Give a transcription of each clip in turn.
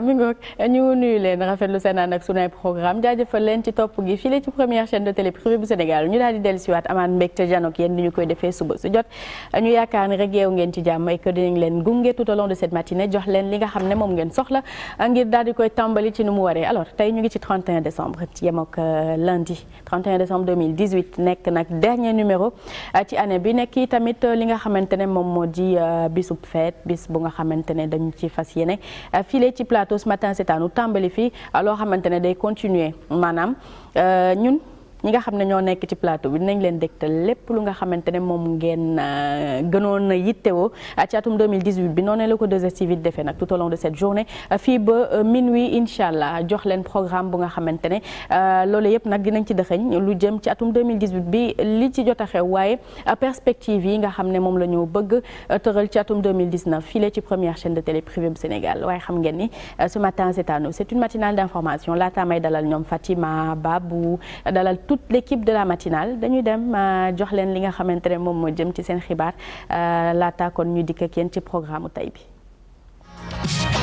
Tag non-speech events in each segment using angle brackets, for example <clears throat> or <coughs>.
voilà mi ngoog ñu nuyu leen rafetlu seen ànd ak sunay programme jaajëfal leen ci topp gi fii ci première chaîne de télé bu Sénégal ñu daal di dellu siwaat amaan mbégte janok yéen ni ñu koy defee suba su jot ñu yaakaar ni rek ngeen ci jàmm et que dinañ leen gunge tout au long de cette matinée jox leen li nga xam ne moom ngeen soxla ngir daal di koy tàmbali ci nu waree tey ñu ngi ci 31 décembre euh, décembre euh, ci année bi nekk i tamit euh, moo di bisub fête bis bu nga plateau ce matin c'est à nous tàmbali fii loo xamante ne day continuer maanaam euh, ñun ñi nga xam ne ñoo nekk ci plateau bi dinañ leen dégtal lépp lu nga xamante ne moom ngeen euh, gënoon a yittewoo euh, ci atum 2018 bi noonu la ko 2STV defee nag tout au long de cette journée euh, fii ba minuit incha allah jox leen programme bu nga xamante ne loolu yëpp nag nañ ci dëxëñ lu jëm ci atum 2018 bi li ci jot a xew waaye perspective yi nga xam ne moom la ñu bëgg tëral ci atum 2019 file ci première chaîne de télé privée bu Sénégal waaye xam ngeen ni ce matin c'est à nous c'est une matinale d'information laata toute l'équipe de la matinale dañuy dem euh, jox leen li nga xamante ne moom moo jëm ci seen xibaar euh, laata kon ñu dikk ak yéen ci programme tey bi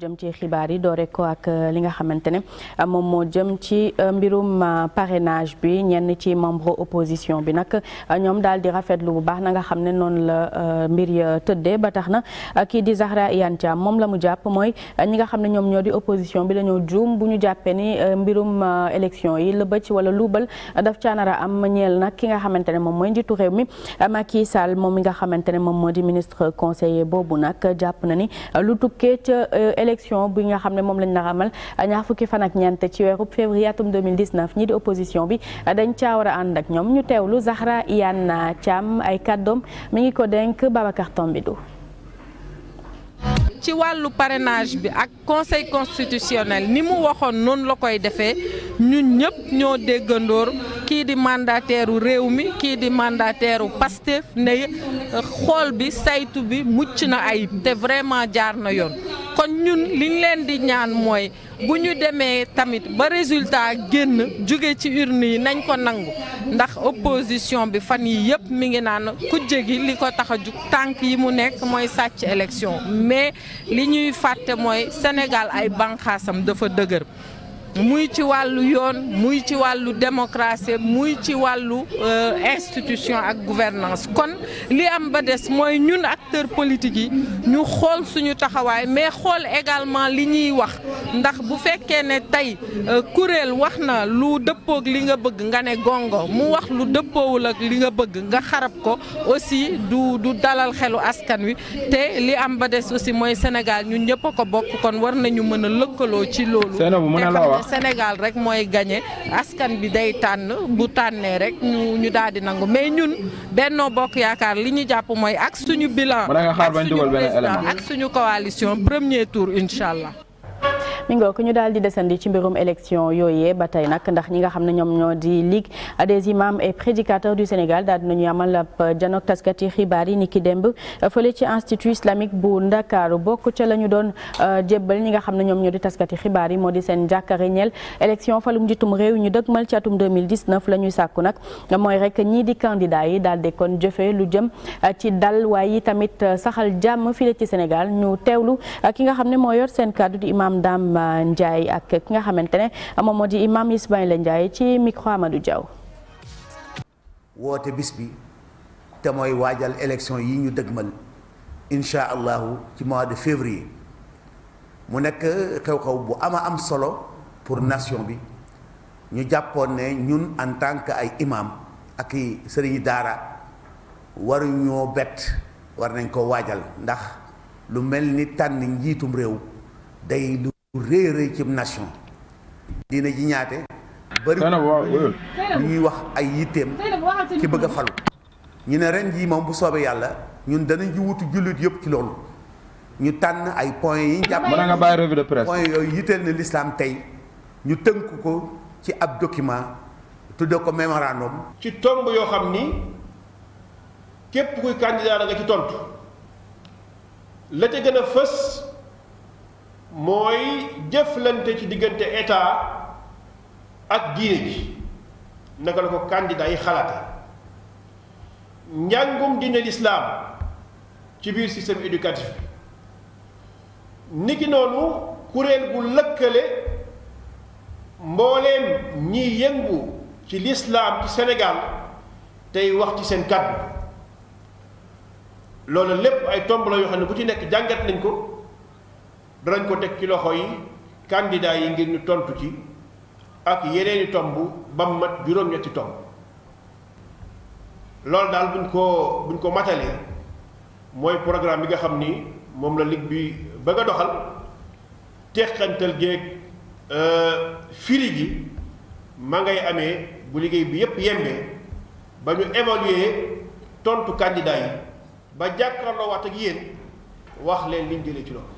jëm ci xibaar yi doore ko ak euh, li nga xamante ne euh, moom moo jëm ci euh, mbirum parrainage bi ñenn ci membre opposition bi nag ñoom daal di rafetlu bu baax na nga xam ne noonu la mbir ya tëddee ba tax na kii di Zahra Iyane Thiam moom la mu jàpp mooy ñi nga xam ne ñoom ñoo di opposition bi dañoo juum bu ñu ni mbirum élection yi la bëcc wala luubal daf caanara am ñeel nag ki nga xamante ne moom mooy njiitu réew mi Macky Sall moom mi nga xamante ne moom moo di ministre conseiller boobu nag jàpp na ni lu tukkee ca élection bi nga xam ne moom lañ nar amal ñaar fukki fan ak ñeent ci weeru février atum 2019 ñi di opposition bi dañ caa war a ànd ak ñoom ñu teewlu Zahra Iyane Thiam ay kàddoom mi ngi ko dénk Babacar Tombidou ci wàllu parenage bi ak conseil constitutionnel ni mu waxoon noonu la koy defee ñun ñëpp ñoo déggandoor kii di mandataire réew mi kii di mandataire u Pastef ne eh, xool bi saytu bi mucc na ayib te vraiment jaar na yoon kon ñun liñ leen di ñaan mooy bu ñu demee tamit ba résultat génn jóge ci urne yi nañ ko nangu ndax opposition bi fan yii yëpp mi ngi naan kujje gi li ko tax a jug tànk yi mu nekk mooy sàcc élection mais li ñuy fàtte mooy Sénégal ay banqaasam dafa dëgër muy ci wàllu yoon muy ci wàllu démocratie muy ci wàllu euh, institution ak gouvernance kon li am ba des mooy ñun acteurs politiques yi ñu xool suñu taxawaay mais xool également li ñuy wax ndax bu fekkee ne tey euh, kuréel wax na lu dëppook li nga bëgg nga ne gongo mu wax lu dëppoowul ak li nga bëgg nga xarab ko aussi du du dalal xelu askan wi te li am ba des aussi mooy Sénégal ñun ñëpp a ko bokk kon war nañu mën a lëkkaloo ci loolu wax Sénégal rek mooy gagné askan bi day tànn bu tànnee rek ñu ñu daal di nangu mais ñun Benno Bokk Yaakaar li ñu jàpp mooy ak suñu bilan ak suñu président ak suñu coalition premier tour incha allah mi ngoo ko ñu daal di desandi ci mbirum élection yooyee ba tey nag ndax ñi nga xam ne ñoom ñoo di ligue des imams et prédicateurs du Sénégal daal dinañu amal ab janook taskati xibaar yi ni ki démb fële ci institut islamique bu ndakaaru bokk ca la ñu doon euh, jébbal ñi nga xam ne ñoom ñoo di taskati xibaar yi moo di seen jàkkaare ñeel élection falum njitum réew ñu dëgmal ci atum 2019 la ñuy sàkku nag mooy rek ñii di candidat yi daal di kon jëfee lu jëm euh, ci dal waaye tamit euh, saxal jàmm fii ci Sénégal ñu teewlu ki nga xam ne moo yor seen kàddu di Ibrahima Ndiaye ak ki nga xamante ne moom moo di imam Ismaïla Ndiaye ci micro Amadou Diaw. woote bis bi te mooy waajal élection yi ñu dëgmal incha allahu ci mois de février mu nekk xew-xew bu ama am solo pour nation bi ñu jàppoon ne ñun en tant que ay imam aki i sëriñ daara ñoo bett war nañ ko waajal ndax lu mel ni tànn njiitum réew day lu bu rëy rëy ci nation dina ji ñaate bari lu ñuy wax ay yitteem ci bëgg a falu ñu ne ren jii moom bu soobee yàlla ñun danañ ci wutu jullit yëpp ci loolu ñu tànn ay points yi ñu jàpp nga bàyyi revue de yooyu yitteel na l'islam tey ñu tënk ko ci ab document tudde ko mémorandum ci tomb yoo xam ni képp kuy candidat la nga ci tontu la ca gën fës mooy jëflante ci diggante état ak diine gi naka la ko candidat yi xalaate njàngum diine lislaam ci biir système éducatif bi niki noonu kuréel gu lëkkale mbooleem ñiy yëngu ci lislaam ci Sénégal tey wax ci seen kàddu loolu lépp ay tomb la yoo xam ne bu ci nekk jàngat nañ ko danañ ko teg ci loxo yi candidat yi ngir ñu tontu ci ak yeneeni tomb ba mu mat juróom-ñetti tomb loolu daal buñ ko buñ ko matalee mooy programme bi nga xam ni moom la ligue bi bëgg a doxal teqantal géeg euh, firi gi ma ngay amee bu liggéey bi yépp yembee ba ñu évaluer tontu candidat yi ba jàkkaarloo waat ak yéen wax leen liñ jële ci loolu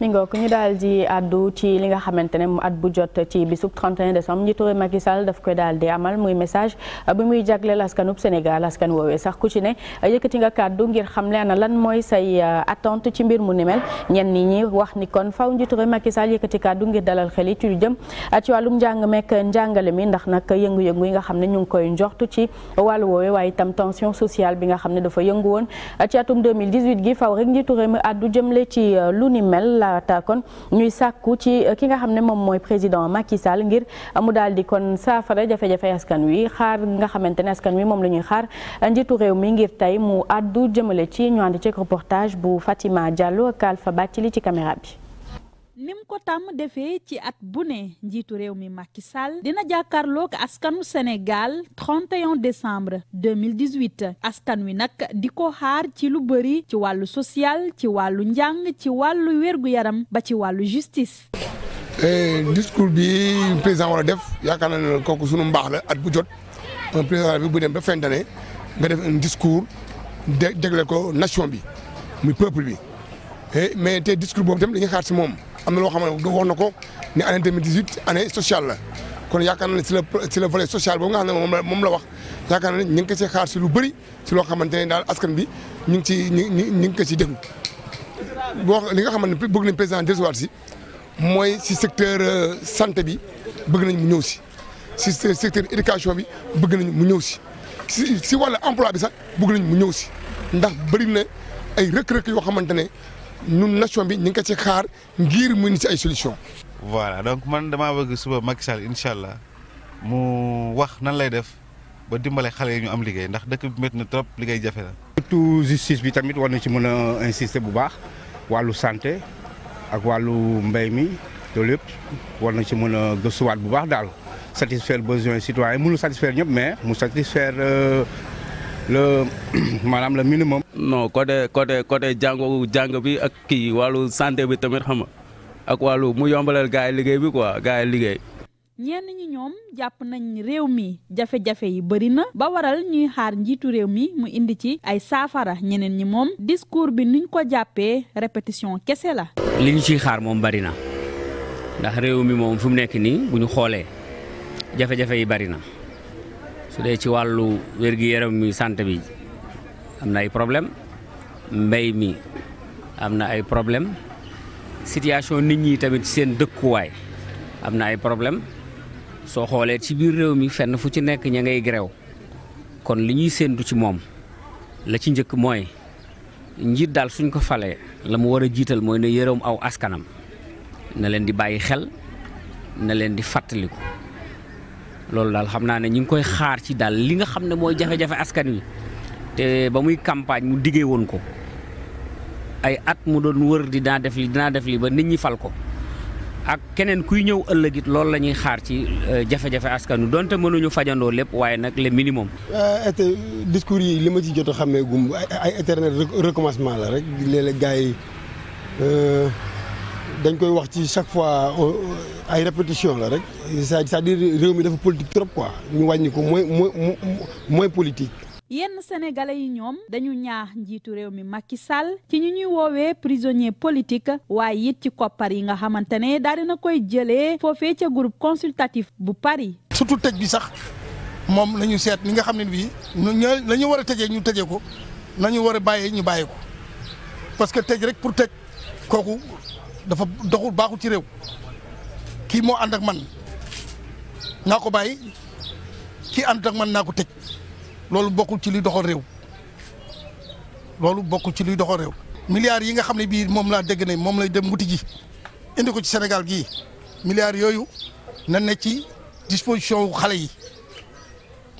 mi ngook ñu daal di àddu ci li nga xamante ne mu at bu jot ci bisub 31 décembre njiitu réew Macky Sall daf koy daal di amal muy message bi muy jagleel askanub Sénégal askan woowee sax ku ci ne yëkkati nga kàddu ngir xamle ana lan mooy say euh, attente ci mbir mu ni mel ñenn ñi wax ni kon faw njiitu réew Macky Sall yëkkati kàddu ngir dalal xel yi ci lu jëm euh, ci wàllum njàng mekk njàngale mi ndax nag yëngu-yëngu yi nga xam ne ñu ngi koy njoxtu ci wàllu woowe waaye itam tension sociale bi nga xam ne dafa yëngu woon euh, ci atum 2018 gi faw rek njiitu réew mi jëm jëmle ci lu ni mel laata kon ñuy sàkku ci euh, ki nga xam ne moom mooy président Macky Sall ngir euh, mu daal di kon saafara jafe-jafe askan wi xaar nga xamante ne askan wi moom la ñuy xaar euh, njiitu réew mi ngir tey mu àddu jëmale ci ñu ànd ci reportage bu Fatima Diallo ak Alpha Bathily ci caméra bi. nim ko tàmm defee ci at bu ne njiitu réew mi Macky Sall dina jàkkaarloog askanu Sénégal 31 décembre 2018 askan wi nag di ko xaar ci lu bëri ci wàllu social ci wàllu njàng ci wàllu wér yaram ba ci wàllu justice. Eh, discours bi président war a def yaakaar na ne kooku sunu mbaax la at bu jot président bi bu dem ba fin nga def un discours de ko nation bi mu peuple bi eh, mais te discours boobu tam dañuy xaar si moom. am na loo xam ne du wax na ko ne année 2018 année sociale la kon yaakaar naa ne si la vole la volet social boobu nga xam moom la moom wax yaakaar naa ne ñu ngi ko ci xaar si lu bëri si loo xamante ne daal askan bi ñu ngi ci ñu ngi ñu ngi ko ci déglu boo li nga xamante ne bëgg nañ président dellusiwaat si mooy si secteur euh, santé bi bëgg nañ mu ñëw si si secteur éducation bi bëgg nañ mu ñëw si si si wàllu emploi bi sax bëgg nañ mu ñëw si ndax bëri na ay rëkk-rëkk yoo xamante ne ñun nation bi ñu ngi ko ci xaar ngir mu ci ay solution voilà donc man damaa bëgg suba Macky Sall allah mu wax nan lay def ba dimbale xale yi ñu am liggéey ndax dëkk bi métti na trop liggéey jafe na. surtout justice bi tamit war na ci mën a insister bu baax wàllu santé ak wàllu mbay mi loolu yëpp war na ci mën a gëstuwaat bu baax daal satisfaire besoin citoyen mënul satisfaire ñëpp mais mu satisfaire. Euh, le <clears throat> maanaam le minimum. non côté côté côté jàngu jàng bi ak kii wàllu santé bi tamit xam ak wàllu mu yombalal gars liggéey bi quoi gars liggéey. ñenn ñi ñoom jàpp nañ réew mi jafe-jafe yi bëri na ba waral ñuy xaar njiitu réew mi mu indi ci ay saafara ñeneen ñi moom discours bi nuñ ko jàppee répétition kese la. li ñu ciy xaar moom bëri na ndax réew mi moom fu mu nekk nii bu ñu xoolee jafe-jafe yi bëri na. su dee ci wàllu wér-gi-yaram mi santé bi am na ay problème mbay mi am na ay problème situation nit ñi tamit seen dëkkuwaay am na ay problème soo xoolee ci biir réew mi fenn fu ci nekk ña ngay gréew kon li ñuy séentu ci moom la ci njëkk mooy njiit daal suñ ko falee la mu war a jiital mooy ne yërëm aw askanam na leen di bàyyi xel na leen di fàttaliku loolu daal xam naa ne ñu ngi koy xaar ci daal li nga xam ne mooy jafe-jafe askan wi te ba muy campagne mu diggee woon ko ay at mu doon wër di dinaa def li dinaa def li ba nit ñi fal ko ak keneen kuy ñëw ëllëg it loolu la ñuy xaar ci euh, jafe-jafe askan wi donte mënuñu fajandoo lépp waaye nag le minimum. été euh, euh, discours yi li ma ci jot a xamee gum ay éternel recommencement la rek léeg-léeg gars yi dañ koy wax ci chaque fois euh, euh, ay répétition la rek cest à réew mi dafa politique trop quoi ñu wàññi ko mooy mooy mooy politique. yenn sénégalais yi ñoom dañu ñaax njiitu réew mi mag Macky Sall ci ñu ñuy woowee prisonnier politique waaye it ci koppar yi nga xamante ne daal dina koy jëlee foofee ca groupe consultatif bu Paris. surtout tëj bi sax moom la ñu seet ni nga xam ne bii ñooñu la ñu war a tëjee ñu tëjee ko nañu war a bàyyee ñu bàyyi ko parce que tëj rek pour tëj kooku. dafa doxul baaxul ci réew kii moo ànd ak man naa ko bàyyi kii ànd ak man naa ko tëj loolu bokkul ci luy doxal réew loolu bokkul ci luy doxal réew. milliards yi nga xam ne bii moom laa dégg ne moom lay dem wuti ji indi ko ci senegal gi milliards yooyu na ne ci disposition wu xale yi.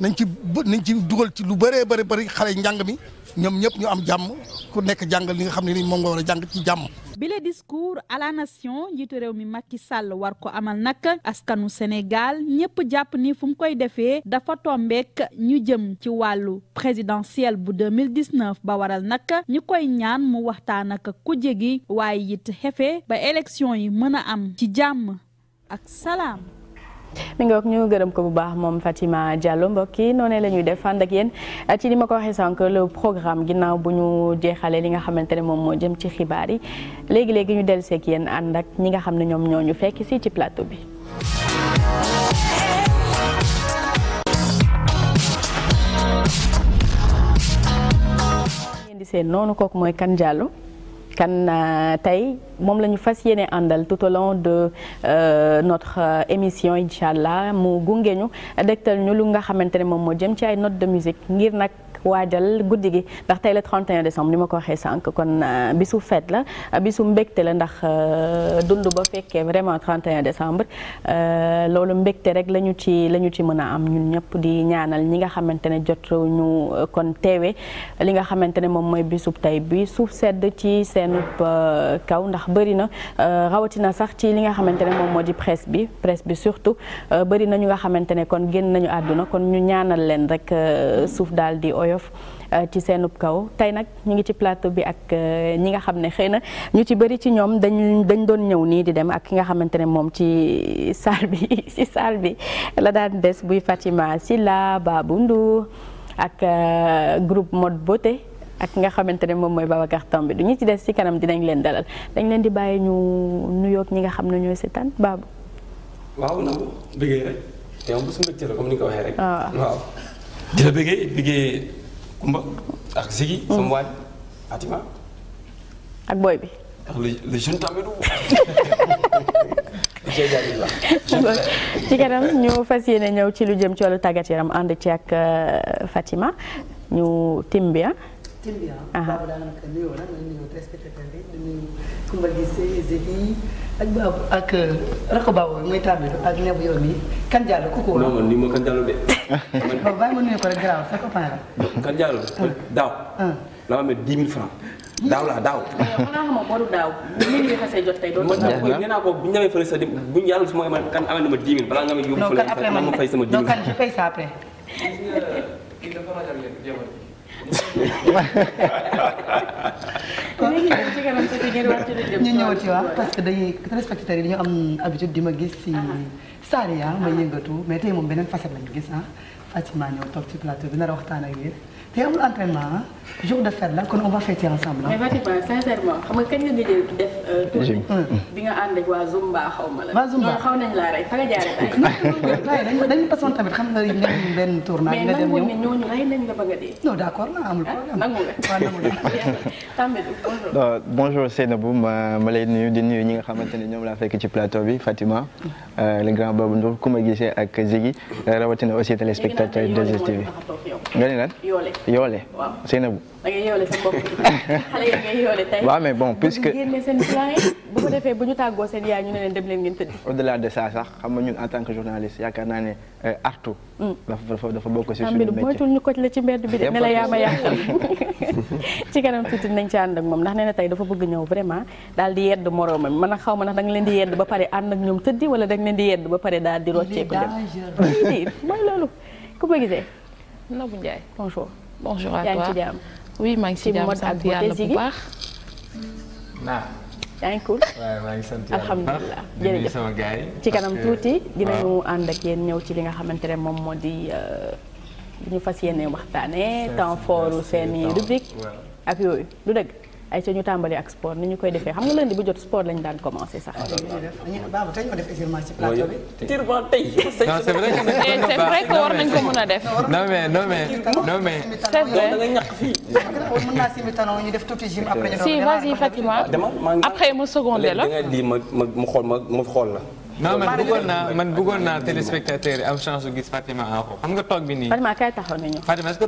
nañ ci bë nañ ci dugal ci lu bëree bëri bëri xale njàng mi ñoom ñëpp ñu am jàmm ku nekk jàngal li nga xam ne ni moom nga war a jàng ci jàmm. bile discours à nation njiitu réew mi mag Macky Sall war ko amal nag askanu Sénégal ñëpp jàpp ni fu mu koy defee dafa tombeek ñu jëm ci wàllu présidentiel bu 2019 ba waral nag ñu koy ñaan mu waxtaan ak kuje gi waaye yit xefe ba élection yi mën a am ci jàmm ak salaam. mi ngoog ñu gërëm ko bu baax moom Fatima Diallo mbokk yi noonu la def ànd ak yéen ci li ma ko waxee sànq le programme ginnaaw bu ñu jeexalee li nga xamante ne moom moo jëm ci xibaar yi léegi léegi ñu dellu seek yéen ànd ak ñi nga xam ne ñoom ñoo ñu fekk si ci plateau bi. ngeen di seen noonu kooku mooy kan Diallo. kan euh, tey moom la ñu fas yéene àndal tout au long de euh, notre euh, émission incha allah mu gunge ñu dégtal ñu lu nga xamante ne moom moo jëm ci ay notes de musique ngir nag. waajal guddi gi ndax tey la 31 décembre ni ma ko waxee sànq kon euh, bisu fête la euh, bisu mbégte la ndax euh, dund ba fekkee vraiment 31 décembre loolu mbégte rek la ñu ci la ñu ci mën a am ñun ñëpp di ñaanal ñi nga xamante ne jot ñu kon teewe li nga xamante ne moom mooy bisub tey bi suuf sedd ci seen kaw ndax bëri na rawatina sax ci li nga xamante ne moom moo di presse bi presse bi surtout bëri na ñu nga xamante ne kon génn nañu àdduna kon ñu ñaanal leen rek suuf daal woyof euh, ci seenub kaw tey nag ñu ngi ci plateau bi ak euh, ñi nga xam ne xëy na ñu ci bëri ci ñoom dañ dañ doon ñëw nii di dem ak ki nga xamante ne moom ci <laughs> salle bi <laughs> ci salle bi la daan des buy Fatima Silla Babou Ndour ak euh, groupe mode beauté ak nga xamante ne moom mooy Babacar bi du ñu ci des ci kanam dinañ leen dalal dañ leen di bàyyi ñu nuyoog ñi nga xam ne ñooy seetaan Babou. waaw na bëggee rek. yow bu su mbégte la comme ni ah. waaw di bëggee bëggee. Kumba ak Ziggy. Mm. sama waaj Fatima. ak booy bi. ak le le <laughs> ci lu jëm ci wàllu tàggat yaram ànd ci ak euh, Fatima ñu Timbia. Kumba Gise Zéhi ak Babou ak euh, Rakho Babou bi muy tàmbilu ak Nebu yow bi kan jàll ku ko. non man nii ma kan jàll de. man <laughs> bàyyi ma nuyu ko rek garaaw la. kan jàll euh, daaw. la ma amee dix mille francs daaw laa daaw. <laughs> Eh, naa xamoo boru daaw. bu nit ñi xasee jot tey dootoo daaw man nee naa ko bu sa bu ñu su ma kan amee na ma dix mille sama dix mille. non kan après man ñu ñëw ci waa parce que dañuy téléspectateurs yi dañu am habitude di ma gis si Saria ma yëngatu mais tey moom beneen facette lañu gis ah Fatima ñëw toog ci plateau bi nar a waxtaan ak yéen tey amul entraînement ah. jour de fête la kon on va fêter ensemble. mais Fatima sincèrement xam nga kañ nga gëjël def. Euh, tournée mm, mm. bi nga ànd ak waa Zumba xaw ma la. waa Zumba ñoom xaw nañ laa rey fa nga jaaree tay. non <laughs> dañu pasoon tamit xam nga nga benn tournage. nga dem ñëw mais nangu ne ñooñu rey nañ la bëgg a dee. non d' accord na amul ah, problème nangu nga. waaw nangu nga. <laughs> bonjour Seynabou ma ma lay nuyu di nuyu ñi nga xamante ne ñoom laa fekk ci plateau bi Fatima. Euh, le grand Babou Ndour ku ma gisee ak Ziggy euh, rawatina aussi téléspectateur 2STV. nga ne lan yoole yoole Seynabou da ngay yóole sa bopp <laughs> xale yi ngay yóole tey. waaw defee bu ñu tàggoo seen yaay ñu ne leen dem leen ngeen tëdd. au delà de ça sax ne eh, artu. Hmm. dafa dafa bokk si suñu métier moytul ñu koj la ci mbedd yaa ma yàqal <laughs> ci kanam tuuti nañ ci ànd ak moom ndax nee na dafa bëgg ñëw vraiment daal di yedd moroomam man nag xaw ma ndax da leen di yedd ba pare ànd ak ñoom tëddi wala da nga leen di yedd ba pare daal di rocceeku dem <laughs> mooy loolu ku ko gisee Nabou Ndiaye bonjour bonjour à toi oui maa ngi yàlla bu baax. naa. yaa ngi cool. waaw ci kanam tuuti dinañu ànd ak yéen ñëw ci li nga xamante ne moom moo di euh, ñu fas yéene waxtaanee. temps fort seeni rubrique ak yooyu du dëgg. ay ca ñu tàmbali ak sport ni ñu koy defee xam nga lundi bu jot sport lañu daan commencé sax. waaw ah, tey ñu def étirement ci plateau bi. étirement <laughs> eh, war nañ ko mën a def. non mais non mais non mais. c'est vrai da nga def tuuti gym après. si vas-y Fatima après ma seconde la. léegi da nga lii ma ma xool ma ma xool la. non man bëggoon man bëggoon naa téléspectateur yi am chance su gis Fatima Aho xam nga toog bi nii. Fatima kay taxaw na ñëw. Fatima est-ce que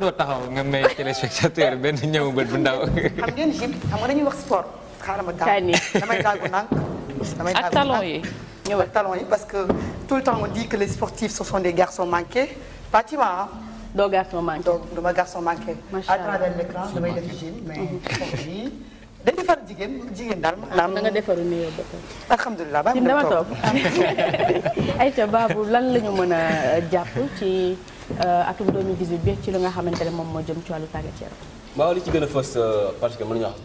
téléspectateur benn ñëw bët bu ndaw. xam ngeen jib xam nga dañuy wax sport. xaaral ma daaw damay daagu nang damay daagu ak talon yi. parce que tout le temps on dit que les sportifs ce sont des garçons manqués Fatima. doo garçon manqué doo dama garçon manqué. macha allah à travers l'écran da defar jigéen jigéen daal maanaam. Ah, na nga defaru nii yow ba pare. alhamdulilah ba am dama toog ayca <laughs> Babou lan la mën a euh, jàpp ci euh, atum 2018 bi ci li nga xamante ne moom moo jëm ci wàllu tàggat yaram. waaw li ci gën a fës euh, parce que mën nañu wax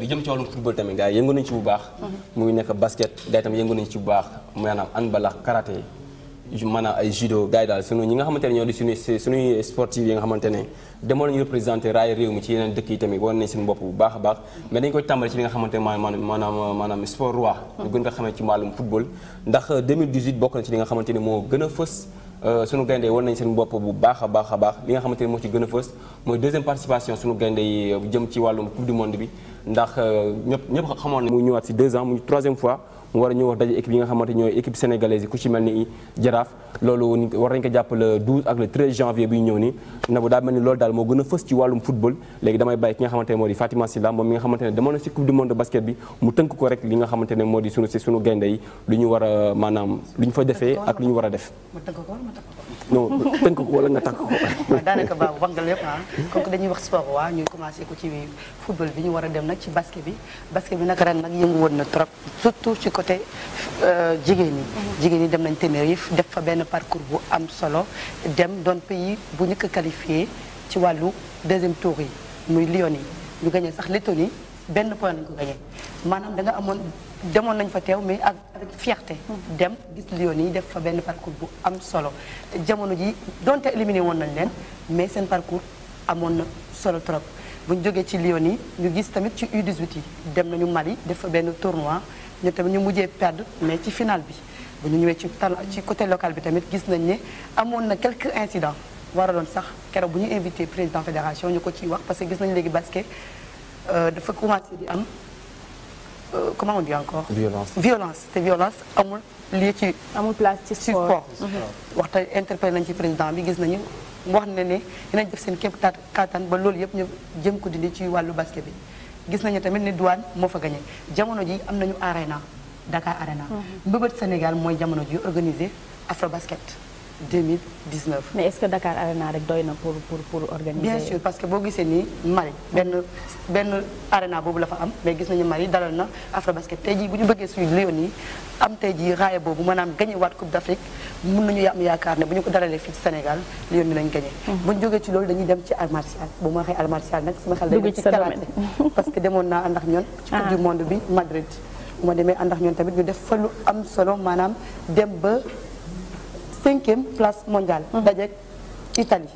li jëm ci wàllum football tamit gars yëngu nañu ci bu baax. Mhm. muy nekk basket gars yi tamit yëngu nañu ci bu baax maanaam handball ak yi maanaam ay judo gars yi daal sunu ñi nga xamante ne ñoo di suñu suñuy sportifs yi nga xamante ne demoon nañu représenté raay réew mi ci yeneen dëkk yi tamit wane nañ suñu a baax mais dañ koy tàmbali ci li nga xamante ne xamante ne moo gën a fës euh, sunu seen bopp bu baax a baax a baax li nga xamante ne moo ci gën a fës mooy deuxième participation sunu gaynde yi euh, jëm ci wàllum coupe du monde bi ndax euh, ñëpp ñëpp xamoon ne mu ñëwaat si deux ans mu troisième fois mu war a ñu wax daje équipe yi nga xamante ñooy équipe sénégalaise yi ku ci mel ni jaraaf loolu war nañ ko jàpp le janvier bi ñëw ni na bu daa mel ni loolu daal moo gën a fës ci wàllum football léegi damay bàyyi ki nga xamante moo di Fatima Silla moom mi nga xamante ne demoon na si coupe du monde basket bi mu tënk ko rek li nga xamante ne moo di sunu si lu ñu war a maanaam lu ñu fa defee ak lu ñu war a def non tënk ko wala nga tànk ko. <laughs> waaw daanaka ah. a côté euh, jigéen ñi. jigéen ñi dem nañ Tenerife def fa benn parcours bu am solo dem doon pays bu ñëkk qualifié ci wàllu deuxième tour yi muy Lyon yi ñu gagné sax Lettonie benn point lañ ko gagné maanaam da amoon demoon nañ fa teew mais ak avec dem gis Lyon yi def fa benn parcours bu am solo jamono ji donte éliminé woon nañ leen mais seen parcours amoon na solo trop bu ñu jógee ci Lyon yi ñu gis tamit ci U18 yi dem nañu Mali def fa benn tournoi. ñu tamit ñu mujjee perd mais ci final bi bu ñu ñëwee ci talon ci côté local bi tamit gis nañ ne amoon na quelques incidents waraloon sax keroog bu ñu invité président fédération ñu ko ciy wax parce que gis nañu léegi basket euh, dafa commencé di am euh, comment on dit encore. violence te violence amul lii ci. amul place ci sport waxta interpellé nañ ci président bi gis nañu mu wax na ne dinañ def seen képp kattan ba loolu yëpp ñu jëm ku dindi ci wàllu basket bi. gis nañu tamit ne douane moo fa gagné jamono ji am nañu arena Dakar arena mm-hmm. mbëbët Sénégal mooy jamono ji organiser afro basket 2019. mais est-ce Arena rek doy na pour pour pour organiser. bien sûr parce que boo gisee nii Mali benn benn arena boobu la fa am mais gis nañu Mali dalal na Afrobasket tey jii bu ñu bëggee suñu Lions yi am tey jii raaya boobu maanaam gagné waat Coupe d'Afrique mun nañu am yaakaar ne bu ñu ko dalalee fii ci Sénégal Lions yi lañ gagné. Mhm. bu jógee ci loolu dañuy dem ci art martial bu ma waxee art martial nag sama xel dañu ci karaté <laughs> parce que demoon naa ànd ñoon ci ah. tamit ñu def fa am solo maanaam dem ba cinquième place mondiale. Mhm. dajeeg Italie.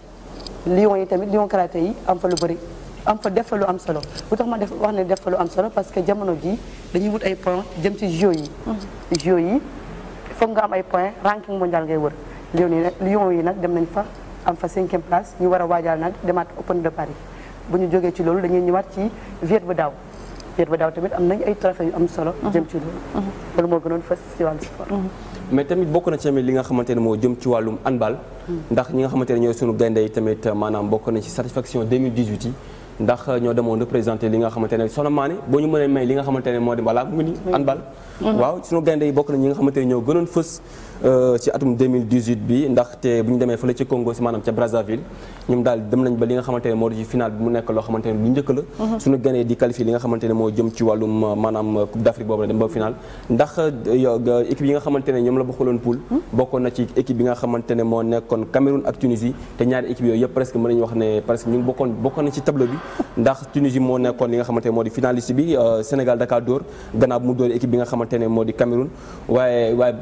Lions yi tamit Lions karaté yi am fa lu bëri am fa def fa lu am solo bu tax ma def wax ne def fa lu am solo parce que jamono ji dañuy wut ay points jëm ci JO yi. Mhm. JO yi foog nga am ay points ranking mondial ngay wër Lions yi nag Lions yi nag dem nañ fa am fa cinquième place ñu war a waajal nag demaat Open de Paris bu ñu jógee ci loolu dañuy ñëwaat ci Viet bu daaw. Viet bu daaw tamit am nañ ay trophées yu am solo. Mhm. jëm ci loolu. loolu moo gënoon fës ci wàllu sport. mais tamit bokk na ci tamit li nga xamante ne moo jëm ci wàllum handball. Hmm. ndax ñi nga xamante ne ñooy sunu gaynde yi tamit euh, maanaam bokk na ci satisfaction 2018 yi. ndax euh, ñoo demoon représenté li nga xamante ne soxna Mané boo ñu mënee may li nga xamante ne moo di balaa mu ngi nii handball. Mm-hmm. waaw sunu gaynde yi bokk na ñi nga xamante ne ñoo gënoon fës. Euh, ci atum 2018 bi ndaxte bu ñu demee fële ci Congo si maanaam ca Brazzaville ñoom daal dem nañ ba li nga xamante moo di ci bi Sénégal da dóor gannaaw bu mu dóor équipe bi nga xamante moo di Cameroun waaye waaye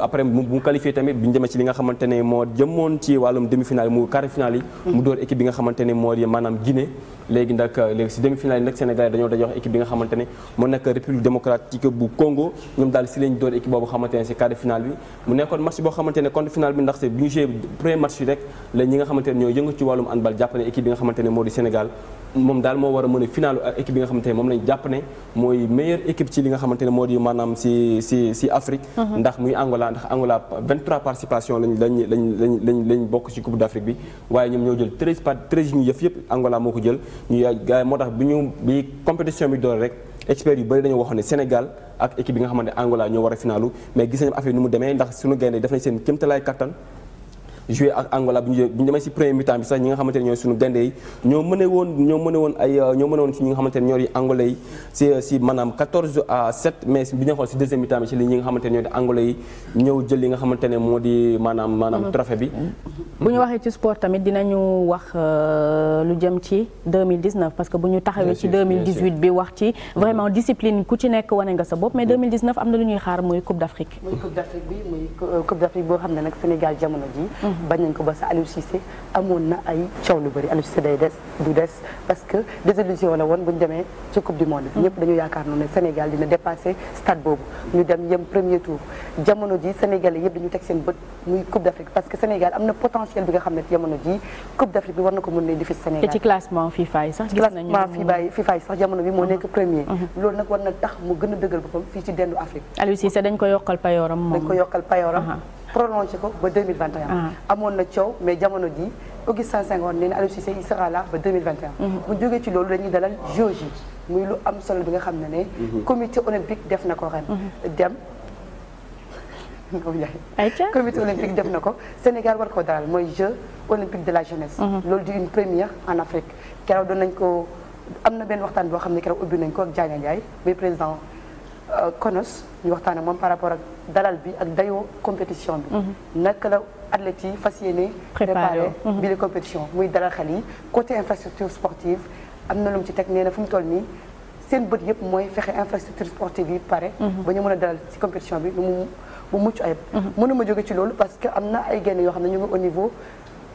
après bu mu qualifié tamit bi ñu demee ci li nga xamante moo jëmoon ci wàllum demi-finale mu quart final yi mu door équipe bi nga xamante moo di maanaam léegi nag léegi si demi-finale yi nag Sénégal dañoo daje wax équipe bi nga xamante ne mu nekk République démocratique bu Congo ñoom daal si lañ door équipe boobu xamante ne si quart de finale bi mu nekkoon match boo xamante ne compte bi ndax c'est bi ñu premier match ne ñoo yëngu ci wàllum handball jàpp ne équipe bi nga xamante ne moo di Sénégal moom daal moo war a mën a final ne mooy meilleure équipe ci li nga xamante moo di maanaam si Afrique mhm. ndax muy Angola ndax Angola 23 participation lañ lañ lañ lañ lañ lañ bokk ci Coupe d'Afrique bi waaye ñoom ñoo jël 13 par 13 ñu yëf ñu yàgg gars yi moo tax bi ñu bi compétition bi door rek experts yu bëri dañoo waxoon ne Sénégal ak équipe bi nga xamante ne Angola ñoo war a finalu mais gis nañu affaire yi mu demee ndax suñu gaynde dafa nañ seen kéemtalaay kattan joué ak Angola bu ñu bu ñu demee si premier mi-temps bi sax ñi nga xamante ne ñooy suñu gaynde yi ñoo mëne woon ñoo mëne woon ay euh, ñoo mëne woon si ñi nga xamante ñoo di Angolais euh, yi ñëw jël li nga xamante moo di maanaam maanaam trophée bi bu ñu waxee ci sport tamit dinañu wax euh, lu jëm ci parce que bu ñu taxawee ci bi wax ci vraiment discipline ku ci nekk wane nga sa bopp mais 2019 am na lu ñuy xaar muy Coupe d'Afrique muy Coupe d'Afrique boo xam ne nag Sénégal jamono ji mhm. bañ nañ ko ba sa Aliou Cissé amoon na ay coow lu bëri Aliou Cissé day des du que désillusion la woon bu ñu ñëpp dañu ñu dem yem premier tour jamono ji Sénégalais yëpp dañu teg seen bët muy coupe d'Afrique parce que Sénégal am na potentiel bi nga xam ne jamono ji coupe d'Afrique bi war a difficile Sénégal ci classement FIFA yi sax gis nañu classement FIFA moo mhm. nekk premier mhm. loolu nag war na tax mu gën a dëgël boppam fii ci dendu Afrique Aliou Cissé dañ ko yokkal payooram moom dañ ko yokkal payooram prolongé ko ba 2021. Ah. amoon na coow mais jamono ji Augustin Senghor nee na Aliou Cissé il sera là ba 2021. Mhm. bu jógee ci loolu dañuy dalal jauge muy lu am solo bi nga xam ne ne. Mhm. comité olympique def na ko ren. Mhm. dem. <laughs> comité olympique def na ko Sénégal war koo dalal mooy jeu olympique de la jeunesse. loolu di une première en Afrique keroog doon nañ ko am na benn waxtaan boo xam ne keroog ubbi nañ ko ak Diagne Ndiaye muy président. Euh, Konos ñu waxtaan ak moom par rapport ak dalal bi ak dayoo compétition bi. Mhm. naka la athlètes yi fas yéene. préparé mhm. bi la compétition muy dalal xel yi côté infrastructure sportive am na lu mu ci teg nee na fu mu toll nii seen bët yëpp mooy fexe infrastructure sportive yi pare. Mhm. ba ñu mën a dalal ci compétition bi lu mu bu mucc ayib. mënuma jóge ci loolu parce que am na ay génn yoo xam ne ñu ngi au niveau.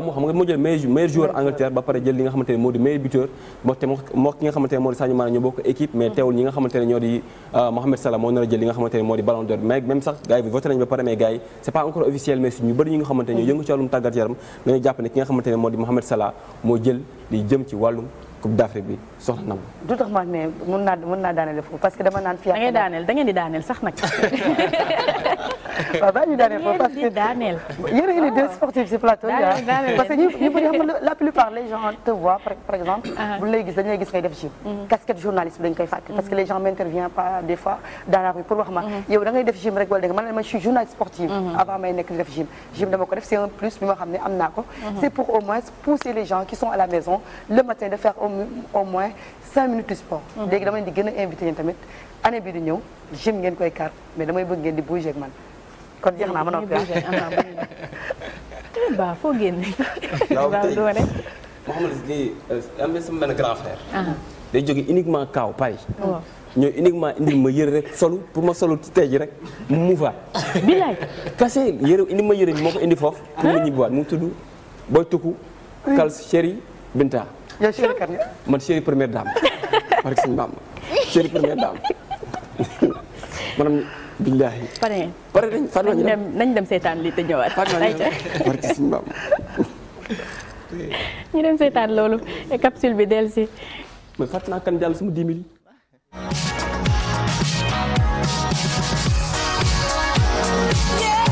daaw moo xam nga moo jël meilleur joueur Angleterre ba pare jël li nga xamante ne moo di meilleur buteur moo te moo ki nga xamante ne moo di Sadio Mané mm. ne ñoo di euh, Mohamed Salah moo nar a jël li nga xamante ne moo di Ballon d'Or mais même sax gars yi voté nañu ba pare mais gars c'est pas encore officiel mais suñu bëri ñi nga xamante ne ñoo mm. yëngu ci wàllum tàggat yaram dañoo jàpp ne ki nga xamante ne moo di Mohamed Salah moo jël li jëm ci wàllum Coupe d'Afrique bi soxna Nabou. du tax ma mais mun naa mun naa daaneel foofu parce que dama naan. fii ak da ngeen daaneel da ngeen di daaneel sax nag. <laughs> waaw daañu daaneel foofu parce que daaneel. yéen a ngi deux ah. sportifs ci plateau yi parce que ñu ñu bëri xam la plupart les gens te voient par exemple. Ah. bu lay gis dañu lay gis ngay def gym. Mm-hmm. casquette journaliste dañu koy fàtte. Mm-hmm. parce que les gens m'interviennent pas des fois dans la rue pour wax ma. Mm-hmm. yow da ngay def gym rek wala dégg nga man ma je suis journaliste sportive. avant may nekk di def gym. gym dama ko def c'est un plus bi ma xam ne am naa ko. c'est pour au moins pousser les gens qui sont à la maison le matin de faire au moins. moins 5 léegi dama leen di gën a invité yéen tamit année bi di ñëw gym ngeen koy kar mais damay bëgg ngeen di bouger ak man kon jeex naa ma noppi waaw ah. foo génne. <laughs> waaw tey Mouhamed lii euh, am na sama benn grand frère. Ah. day jóge uniquement Kaaw Paris. Oh. ñoo uniquement indi ma yëre rek solu pour ma solu ci tey ji rek mu muufaat. bilaay. parce que yëre indi ma yëre bi moo ko indi foofu. pour ma ah. ñibbiwaat mu tudd Boy Tukku. Kals Chéri Binta. yow chéri kan nga. man chéri première dame. parce que suñu pare nañ dem nañ dem seetaan lii te ñëwaat. parce que suñu maam. ñu dem seetaan loolu capsule bi dellusi. mais fàttali naa kan jàll sama 10 000.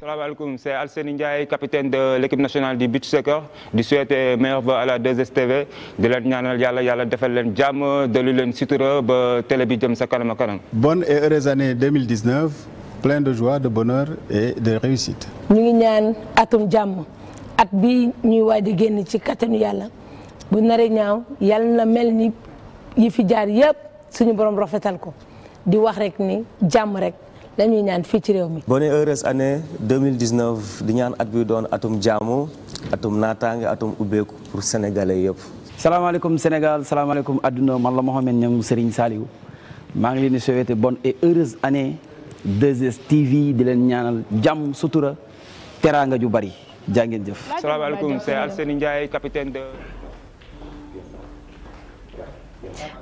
salaamaaleykum c'est Alseni Ndiaye capitaine de l'équipe nationale du beach soccer di souhaiter meilleurs vœux à la 2STV di leen ñaanal yàlla yàlla defal leen jàmm dellu leen sutura ba télé sa kanam a bonne et heureuse année 2019 de joie de bonheur et de réussite. ñu ngi ñaan atum jàmm at bi ñuy waaj di génn ci kattanu yàlla bu naree ñaaw yàlla mel ni yi fi jaar yëpp suñu borom rafetal ko di wax rek ni jàmm rek. la ñuy ñaan fii ci réew mi. bonne heureuse année 2019 di ñaan at bi doon atum jaamu atum naataange atum ubbeeku pour sénégalais yëpp. salaamaaleykum Sénégal salaamaaleykum adduna man la Mouhamed Niang Serigne Saliou maa ngi leen di souhaiter bonne et heureuse année 2STV di leen ñaanal jàmm sutura teraanga ju bari jaa ngeen jëf. de.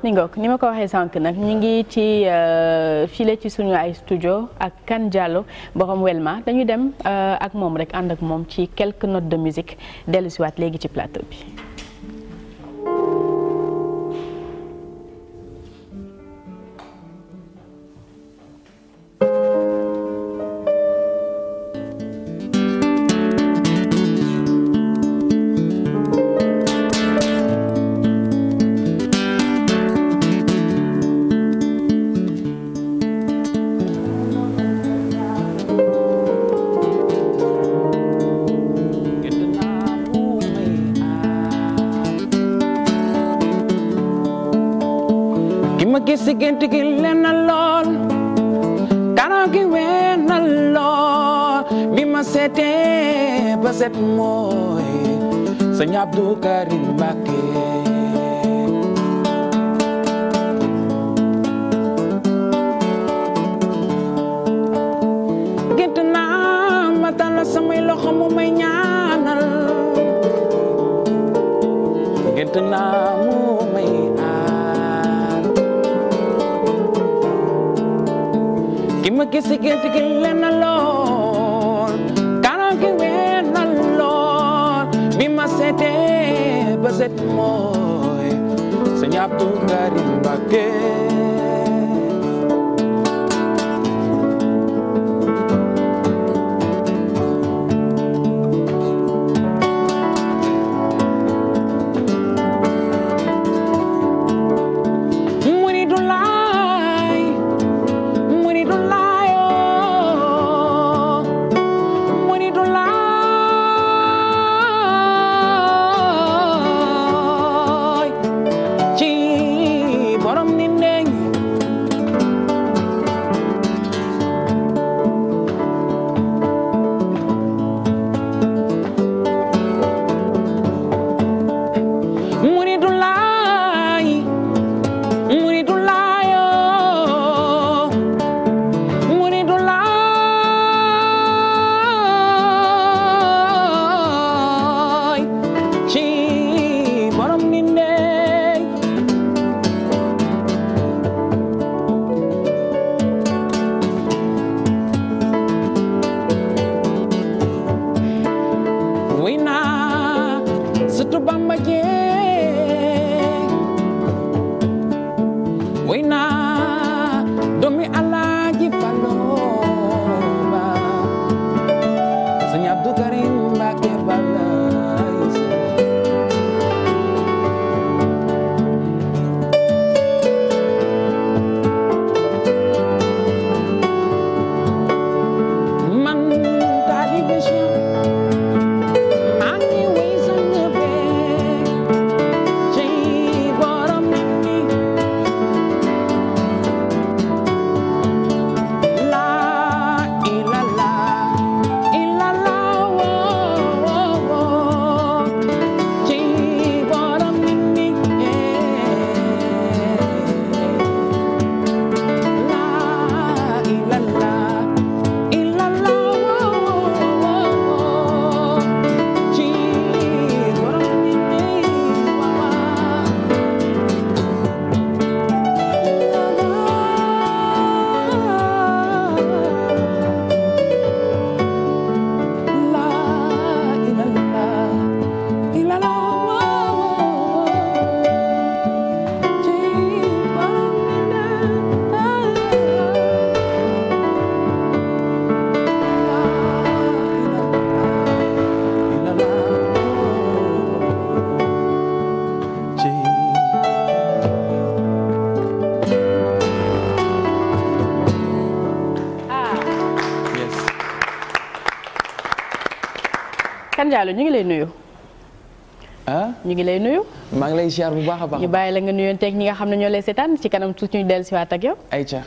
mi ngook ni ma ko waxee sànq nag ñu ngi ci euh, file ci suñu ay studio ak Kane Diallo borom Welma dañuy dem euh, ak moom rek ànd ak moom ci quelques notes de musique dellusiwaat léegi ci plateau bi Abdou Karim Mbacké gént naa ma tàlla samay loxo mu may ñaanal gént naa mu may aar ki ma gis gént gi lenn lool setee ba set mooy Sëñ Abdou Karim Mbacké moy na doomi Diallo ñu ngi lay nuyu. ah ñu ngi lay nuyu. maa ngi lay ziar bu baax a baax. ñu bàyyi la nga nuyoon nuyonteeg ñi nga xam ne ñoo lay seetaan ci kanam tuuti ñu dellusiwaat ak yow. ayca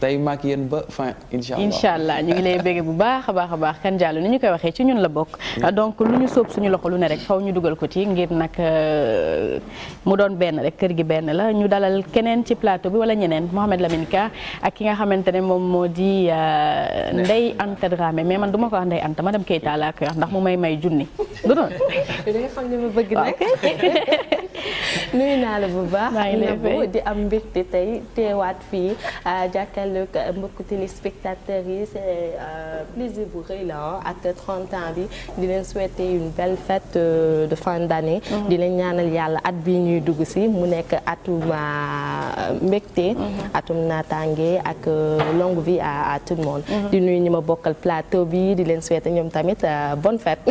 tey maak yéen ba fin incha allah incha allah ñu ngi lay bége bu baax a baax a baax kan Diallo ñu koy waxee ci ñun la bokk. donc lu ñu sóob suñu loxo lu ne rek faw ñu dugal ko ci ngir nag euh, mu doon benn rek kër gi benn la ñu dalal keneen ci plateau bi wala ñeneen Mouhamed Lamine Ka ak ki nga xamante ne moom moo di euh, Ndeye Anta Dramé mais man du ma ko wax Ndeye Anta madame Keita laa koy wax ndax mu may may junni <laughs> du doon. <laughs> nuyu naa la bu baax. maa di am mbégte tey teewaat fii ah, jàkkaarloog mbokku téléspectateurs yi c' est euh, plaisir bu rëy la ah, ak 30 ans bi di leen souhaiter une belle fête euh, de fin d' mm-hmm. di leen ñaanal yàlla at bi ñuy dugg si mu nekk atum ah, mbégte. Mm-hmm. atum naataange ak euh, longue vie à tout le monde. Mm-hmm. di nuy ñu ma bokkal plateau bi di leen souhaiter ñoom tamit bon fête.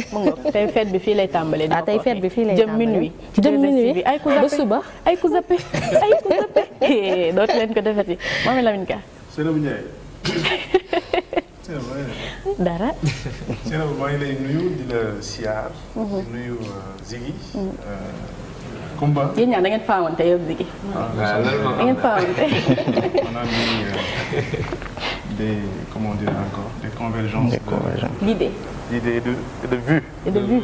tey fête bi fii lay tàmbalee. tey fête bi fii lay tàmbalee jëm minuit. jëm minuit ay suba ay ku zappé <laughs> ay ku zappé eh, dootu leen ko defati moom Lamine Ka. Seynabou <laughs> Ndiaye. dara. Seynabou maa ngi lay nuyu di la siyaar. Mhm. di nuyu euh, Ziggy. Mhm. Euh, Kumba yéen ñaar da ngeen faawante yow Ziggy. Ah, da ngeen faawante. <laughs> on a mis euh, des comment dire encore des convergences. des convergences d'idées. d'idées et de et de vues. et de vues.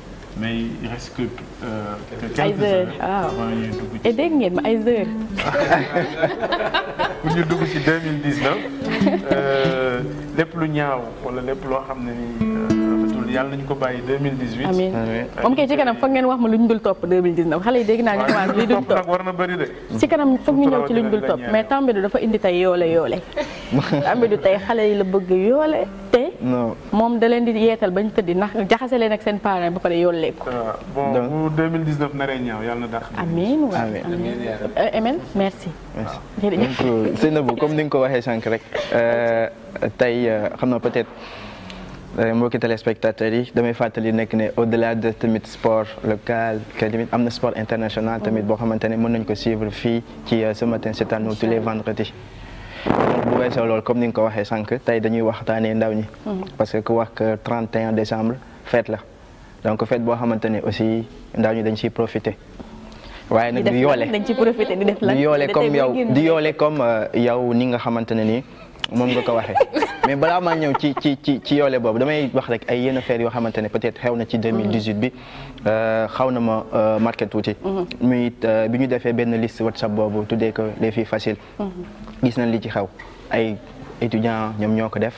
mais il reste que. ay heures waaw et dégg ngeen ma ay heures. dugg ci deux mille dix neuf <laughs> euh, lu ñaaw wala lépp loo xam ne yàlla nañu ko bàyyi 2018. amiin moom kay ci kanam foog ngeen wax ma lu dul topp xale yi dégg naa ñu wax li dul topp na bëri de. ci kanam foog ñu ñëw ci lu ñu dul topp mais Tambidou dafa indi tey yoole yoole. Tambidou tey xale yi la bëgg yoole te. moom da leen di yeetal bañ tëddi ndax jaxase leen ak seen parents ba pare yooleeku. bon bu 2019 naree ñaaw yàlla na dàq. amiin waaw amiin amiin euh, merci. jërëjëf donc euh, Seynabou comme ni nga ko waxee sànq rek euh, tey xam na peut-être. mbokki téléspectateurs yi damay fàttali nekk ne au delà de tamit sport local que tamit am na sport international tamit boo xamante ne mën nañ ko suivre fii ci euh, ce matin c'est à nous tous les vendredis bu weesoo loolu comme ni nga ko waxee sànq tey dañuy waxtaanee ndaw ñi mm-hmm. parce que ku wax que 31 décembre fête la donc fête boo xamante ne aussi ndaw ñi dañ si profiter waaye nag du yoole dañ ciy profiter di def yoole comme yow du yoole comme yow ni nga xamante ne nii moom nga ko waxee <laughs> mais balaa maa ñëw ci ci ci ci yoole boobu damay wax rek ay yenn affaire yoo xamante ne peut-être xew na ci 2018 mm-hmm. bi euh, xaw na ma euh, marqué tuuti. Mm-hmm. muy euh, bi ñu defee benn liste WhatsApp boobu tuddee ko le filles faciles. Mm-hmm. gis nañ li ci xew ay étudiants ñoom ñoo ko def.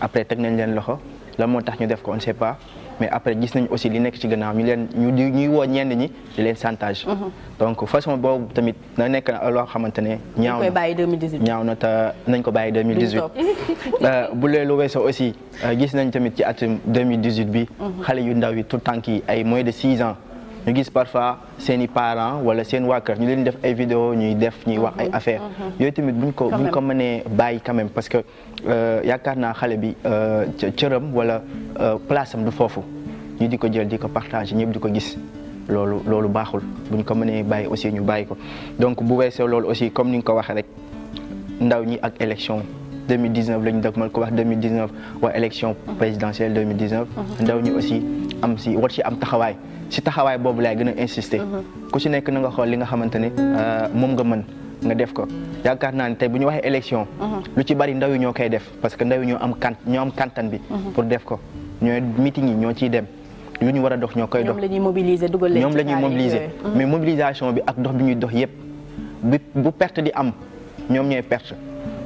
après teg nañ leen loxo la moo tax ñu def ko on ne sait pas. mais après gis nañ aussi li nekk ci gannaaw ñu leen ñu ñuy woo ñenn ñi di leen chantage. Mhm. donc façon boobu tamit na nekk loo xamante ne. ñaaw na ñaaw na te nañ ko bàyyi 2018. <laughs> Euh, bu loolu weesoo aussi euh, gis nañ tamit ci atum 2018 bi. Mhm. xale yu ndaw yi tout tànk yi ay moins de 6 ans. ñu gis parfois seen i parents wala seen waa kër ñu leen def ay vidéo ñuy def ñuy wax ay mhm. affaire mhm. yooyu tamit buñ ko buñ ko mënee bàyyi quand même parce que euh, yaakaar naa xale bi euh, cëram wala euh, place am du foofu ñu di ko jël di ko partager ñëpp di ko gis loolu loolu baaxul buñ ko mënee bàyyi aussi ñu bàyyi ko donc bu weesoo loolu aussi comme ni nga ko waxee rek ndaw ñi ak élection 2019 la ñu dëkk man ko wax 2019 waa élection présidentielle 2019 mhm. ndaw ñi aussi am si war ci am taxawaay si taxawaay boobu laay gën a insister. Mhm. ku si nekk na nga xool li nga xamante ne euh, moom nga man nga def ko yaakaar naa ne tey bu ñu waxee élection. Mhm. lu ci bari ndaw yi ñoo koy def parce que ndaw yi ñoo am kan ñoo am kantan bi. Mhm. pour def ko ñooy meeting yi ñoo ciy dem. lu ñu war a dox ñoo koy dox ñoom la ñuy mobiliser dugal leen ñoom la ñuy mobiliser mais mobilisation bi ak dox bi ñuy dox yépp bu bu perte di am ñoom ñooy perte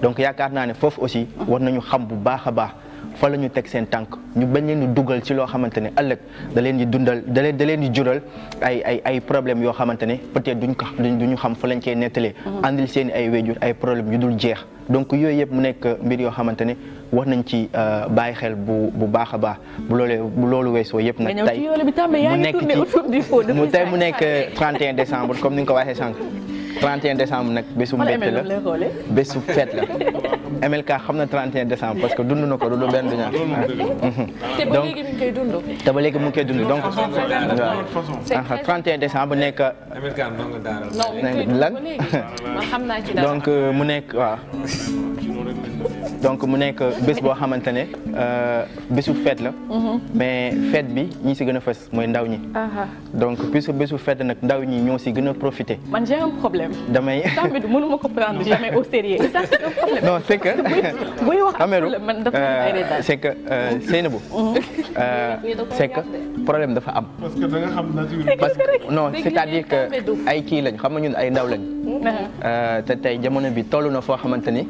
donc yaakaar naa ne foofu aussi war nañu xam bu baax a baax. fa la ñu teg seen tànk ñu bañ leen di dugal ci loo xamante ne ëllëg da leen di dundal da leen da leen di jural ay ay yoo xamante ne peut duñ ko duñu xam fa lañ koy nettalee. àndil mhm. seen ay wéjur ay problèmes yu dul jeex. donc yooyu yëpp mu nekk mbir yoo xamante ne war nañ ci euh, bàyyi xel bu bu baax a baax bu loolee bu loolu weesoo yëpp nag tey mu nekk ci mu tey mu nekk 31 décembre comme ni nga ko waxee sànq 31 décembre nag bésu mbett la bésu fête la <laughs> MLK xam na 31 décembre parce que dund na ko du benn du ñaar. Mhm. te ba léegi mu ngi koy dund. te ba léegi mu ngi koy dund donc. waaw 31 ah, décembre nekk. Euh, MLK lan donc euh, mu nekk waaw. mu nekk bés boo xamante ne euh, bésu fête la. Mhm. mais fête bi ñi si gën a fës mooy ndaw ñi. donc puisque bésu fête nag ndaw ñi ñoo si gën a profité. man j'ai un problème. damay ko prendre jamais au sérieux. non buy <laughs> wax man dafa am euh, euh, <laughs> mhm. euh, c'est que problème dafa am. parce que da que c'est-à-dire que ay kii lañ xam nga ñun ay ndaw lañ. <laughs> Uh-huh. te tey jamono bi toll na foo xamante ni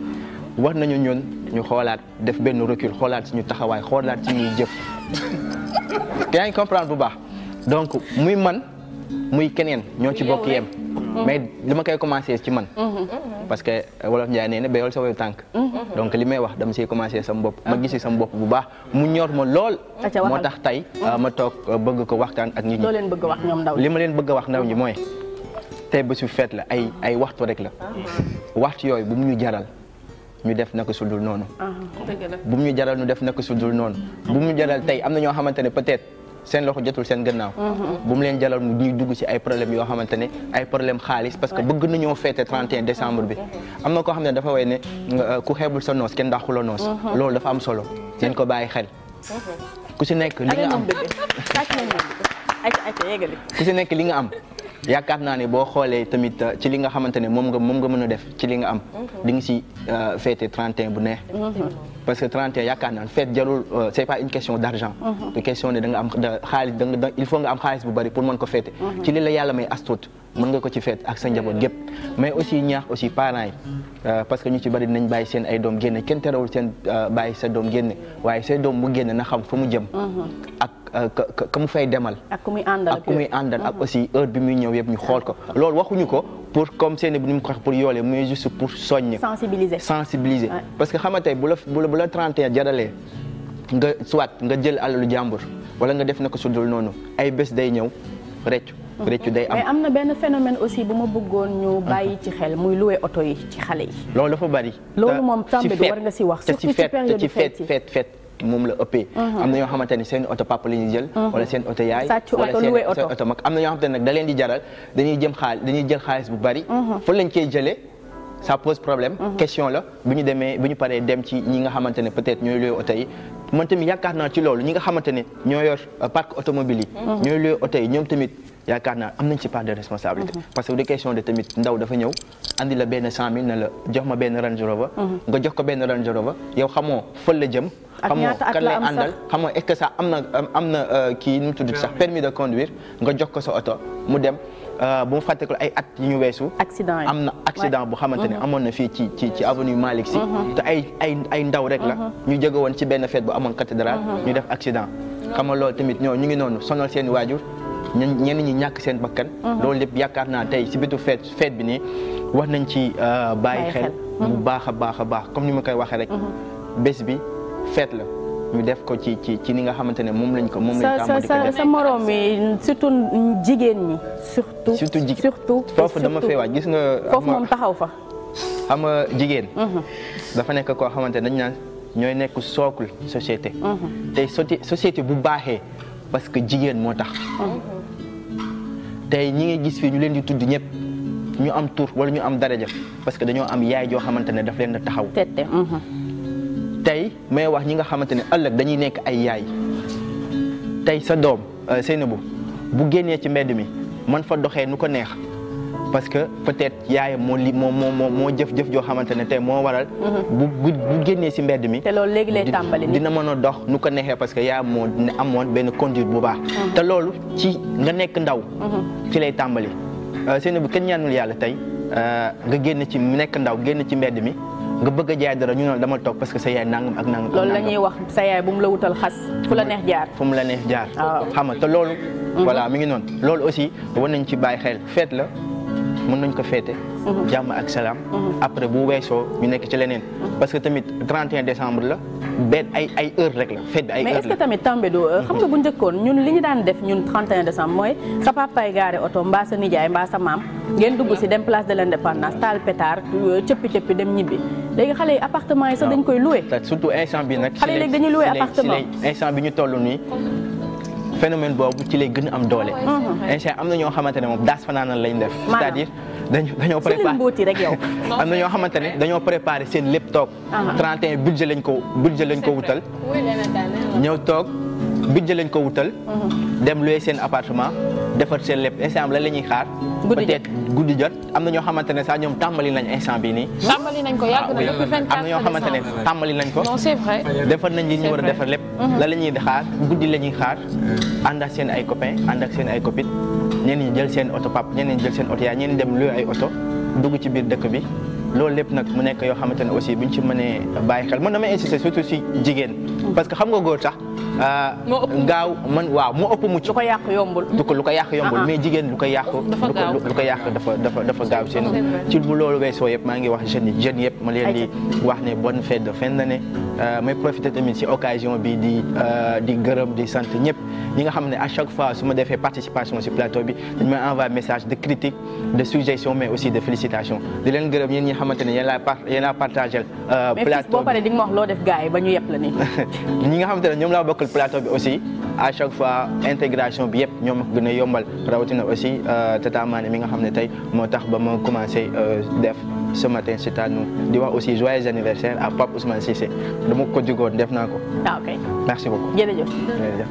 war nañu ñun ñu xoolaat def benn recul xoolaat ñu taxawaay xoolaat suñuy jëf. yaa ngi comprendre bu baax donc muy man. muy keneen ñoo ci bokk yem mais li ma koy commencé ci man mm-hmm. parce que wolof Njaay nee na béyool sa wayu tànk mm-hmm. donc li may wax dama siy commencé sama bopp ma gisi sama bopp bu baax mu ñor ma lool moo tax tey mm-hmm. euh, ma toog euh, bëgg ko waxtaan ak nit ñi li ma leen bëgg wax ndaw ñi mooy tey bésu feet la ay ay waxtu rek la waxtu yooyu bu mu ñu jaral ñu def naka sudul ah, noonu bu mu ñu jaral noonu tey am na ñoo xamante ne seen loxo jotul seen gannaaw mm-hmm. bu mu leen jalal mu ñuy dugg si ay problème yoo xamante ne ay problème xaalis parce que bëgg nañoo fêter 31 décembre bi mm-hmm. am na koo xam ne dafa way ne euh, ku xeebul sa noos kenn dàqu noos mm-hmm. loolu dafa am solo seen ko bàyyi xel ku ci nekk li nga am <laughs> ku ci nekk li nga am yaakaar naa ne boo xoolee tamit euh, ci li nga xamante ne moom nga moom nga mën a def ci li nga am di nga ci euh, fêter 31 bu neex parce que 31 yaakaar naa fête jarul euh, c'est pas une question d'argent de mhm. question ne da nga am il faut nga am xaalis bu bari pour mën ko fête mhm. ci li la yàlla may astut mën nga ko ci fête ak sa njaboot gépp mais aussi ñaax aussi parents yi euh, parce que ñu ci bari dinañ bàyyi seen ay doom génne kenn terewul seen euh, bàyyi sa doom génne waaye say doom mu génne na xam fu mu jëm mhm. Euh, ka mu fay demal. ak ku muy àndal ak ku muy àndal mhm. aussi heure bi muy ñëw yëpp ñu xool ko. loolu waxuñu ko pour comme seen bu ni mu ko pour yoolee mais juste pour soññ. sensibiliser sensibiliser. parce que xam nga tey bu la bu la 31 jaralee nga soit nga jël alalu jàmbur wala nga def na ko su dul noonu ay bés day ñëw reccu mhm. reccu day am mais am na benn phénomène aussi bu ma bëggoon ñu mhm. bàyyi ci xel muy loué oto yi ci xale yi. loolu dafa bari. loolu moom tàmbali war nga si wax. surtout ci f moom la ëppee mhm. am na ñoo xamante seen oto papa la ñuy jël mhm. wala seen oto yaay wala seen oto mag am na ñoo xamante ne nag da leen di jaral dañuy jël xaalis bu bari mhm. fa lañ koy jëlee ça pose problème question la bu ñu demee bu ñu paree dem ci ñi nga xamante ne peut ñooy looyu oto yi man tamit yaakaar naa ci loolu ñi nga xamante ne ñoo yor euh, parc automobile yi ñooy looyu oto yi ñoom tamit yaakaar naa am nañ ci part de responsabilité. Mhm. parce que du question de tamit ndaw dafa ñëw andi la benn cent mille la jox ma benn Range Rover mhm. nga jox ko benn Range Rover yow xamoo fël la jëm. xamoo kan lay àndal xamoo est-ce que sax am na am na euh, kii nu mu tudd sax permis de conduire nga jox ko sa oto mu dem. Euh, bu mu fàtteekul ay at yu ñu weesu. accident am na accident bu xamante ne mhm. amoon na fii ci ci ci avenue Malick Sy. te ay ay ay ndaw rek la. ñu jóge woon ci benn fête bu amoon cathédrale. ñu def accident. xam nga loolu tamit ñoo ñu ngi noonu sonal seen waajur. ñun ñenn ñi ñàkk seen bakkan. Mhm. loolu lépp yaakaar naa tey si bitu feet feet bi nii wax nañ ci euh, bàyyi xel. bu mhm. baax a baax a baax comme ni ma koy waxee rek. Mhm. bés bi feet la. ñu def ko ci ci ci ni nga xamante ne moom lañ ko moom lañ tàmbali ko def sa moroom jigéen ñi. surtout surtout jigéen dama fee waaj gis nga. taxaw fa. xam nga jigéen. dafa nekk koo xamante ne dañ naan ñooy nekk socle société. tey société bu baaxee parce que jigéen moo tax. tey ñi ngay gis fii ñu leen di tudd ñëpp ñu am tur wala ñu am daraja parce que dañoo am yaay joo xamante ne daf leen a taxaw. tey may wax ñi nga xamante ne ëllëg dañuy nekk ay yaay tey sa doom euh, Seynabou bu génnee ci mbedd mi mën fa doxee nu ko neex. parce que peut-être yaayam moo li moo moo moo jëf-jëf joo xamante ne tey moo waral. bu bu bu génnee si mbedd mi. te loolu léegi lay tàmbali dina mën a dox nu ko neexee parce que yaayam moo amoon benn conduite bu baax. Mhm. te loolu ci nga nekk ndaw. Mhm. ci lay tàmbali. Euh, seen bu kenn ñaanul yàlla tey euh, nga génn ci nekk ndaw génn ci mbedd mi. nga bëgg a jaay dara ñu ne dama toog parce que sa yaay nangam ak nangam. loolu la ñuy wax sa yaay bu mu la wutal xas fu la neex jaar. fu mu la neex jaar. Ah. xam nga te loolu. Mhm. voilà mi ngi noonu. aussi war nañ ci bàyyi xel feet la. mën nañ ko féete mhm. jàmm ak salaam mhm. après bu weesoo ñu nekk ci leneen mhm. parce que tamit 31 décembre la benn ay ay heure rek la fête bi ay heure la mais est que tamit tambe du euh, xam nga bu njëkkoon ñun li ñu daan def ñun 31 décembre mooy sa papaay gaare oto mbaa sa nijaay mbaa sa maam ngeen dugg si dem place de l'indépendance taal pétard euh, cëppi cëppi dem ñibbi léegi xale yi appartement yi sax dañ koy loué surtout instant bi nag xale yi léegi dañuy loué appartement instant bi ñu toll nii phénomène boobu ci le gën a am doole. incha oh, oh. am na ñoo xamante ne moom daas fanaanal lañ def. c'est-à-dire dañu dañoo préparé rek yow. <laughs> am na ñoo xamante ne dañoo préparé seen lépp toog. 31 budget lañ ko budget lañ ko wutal. ñëw toog. budget lañ ko wutal. Mhm. dem louer seen appartement defar seen lépp instant la la ñuy xaar. guddi jot guddi jot am na ñoo xamante ne sax ñoom tàmbali nañ instant bi nii. tàmbali nañ ko yàgg na depuis 24 ah am na ko. non c'est vrai defar nañ ñu war a defar lépp. Mhm. la la ñuy xaar guddi la ñuy xaar. Mm. ànd ak seen ay copains ànd ak seen ay copines ñenn ñi jël seen oto pap ñenn ñi jël seen oto yaay ñenn dem louer ay oto dugg ci biir dëkk bi. loolu lépp nag mu nekk yoo xamante ne aussi bu ñu ci mënee bàyyi xel man damay insister surtout si jigéen mm. parce que xam nga góor sax Ah, gaaw man waaw moo ëpp mucc lu ko yàq yombul lu ko yàq yombul ah, ah. mais jigéen lu ko yàq lu ko yàq dafa dafa dafa gaaw seen ci bu loolu weesoo yëpp maa ngi wax jeunes yi jeunes yëpp ma leen di wax ne bonne fête de fin d'année euh, may profité tamit si occasion bi di euh, di gërëm di sant ñëpp ñi nga xam ne à chaque fois su ma defee participation si plateau bi dañ may message de critique de suggestion mais aussi de félicitation di leen gërëm yéen ñi xamante ne yéen laa par yéen laa euh, nga ma wax loo def gars ba ñu yëpp <laughs> ñoom laa bokk cercle plateau bi aussi à chaque fois intégration bi yëpp ñoo ma ko gën a yombal rawatina aussi euh, tata Mané mi nga xam ne tey moo tax ba moo commencé euh, def ce matin c'est di wax aussi joyeux anniversaire à Pape Ousmane Cissé dama ko jugoon def naa ko. ah ok merci beaucoup. jërëjëf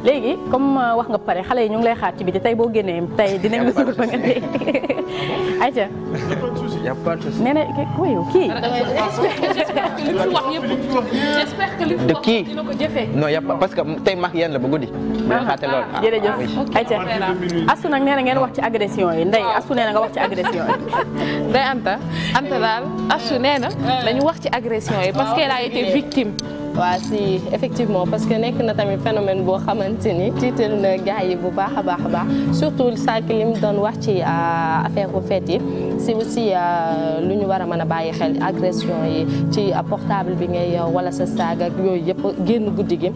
léegi comme euh, wax nga pare xale yi ñu lay xaar ci biti tey boo génnee tey dinañ la suur ba nga tey <laughs> ayca. y' a pas de souci. kii. <laughs> j'espère que li mu wax yëpp j'espère que li parce que tey max yéen la ba guddi. bu ah, leen xaate lool ah, jërëjëf. Ah, ayca asu nag nee na ngeen ci agression yi ndey asu nee na nga wax ci agression yi. <laughs> ndey Anta Anta daal asu nee a dañu eh. wax ci agression yi parce qu'elle a été victime. waaw si effectivement parce que nekk na tamit phénomène boo xamante ni tiital na gars yi bu baax a baax a baax surtout sànq li mu doon wax ci euh, affaire bu fête yi si aussi euh, lu ñu war a mën a bàyyi xel agression yi ci portable bi ngay euh, wala sa saag ak yooyu yëpp génn guddi gi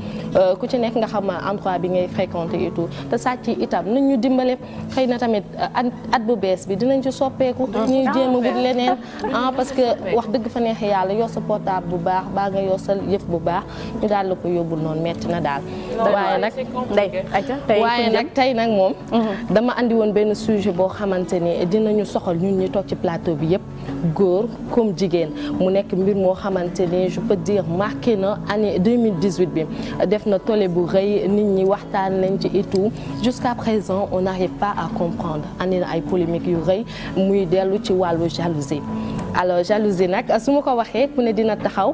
ku ci nekk nga xam endroit bi ngay fréquenté et tout te sàcc itam nañ ñu dimbale xëy na tamit at bu bees bi dinañ ci soppeeku ah. ñuy jéem a ah, leneen ah parce que <laughs> wax dëgg fa neex yàlla yor sa portable bu baax baa nga yor baax ñu daal la ko yóbbul noonu metti na daal waaye nag day waaye nag tey nag moom mhm. dama andi woon benn sujet boo xamante ni dinañu soxal ñun ñu toog ci plateau bi yëpp góor comme jigéen mu nekk mbir moo xamante ni je peux dire marqué na année 2018 bi def na tole bu rëy nit ñi waxtaan nañ ci et tout jusqu'à présent on n'arrive pas à comprendre andi na ay polémique yu rëy muy dellu ci wàllu jalousie alors jalousie nag su ma ko ku ne dina taxaw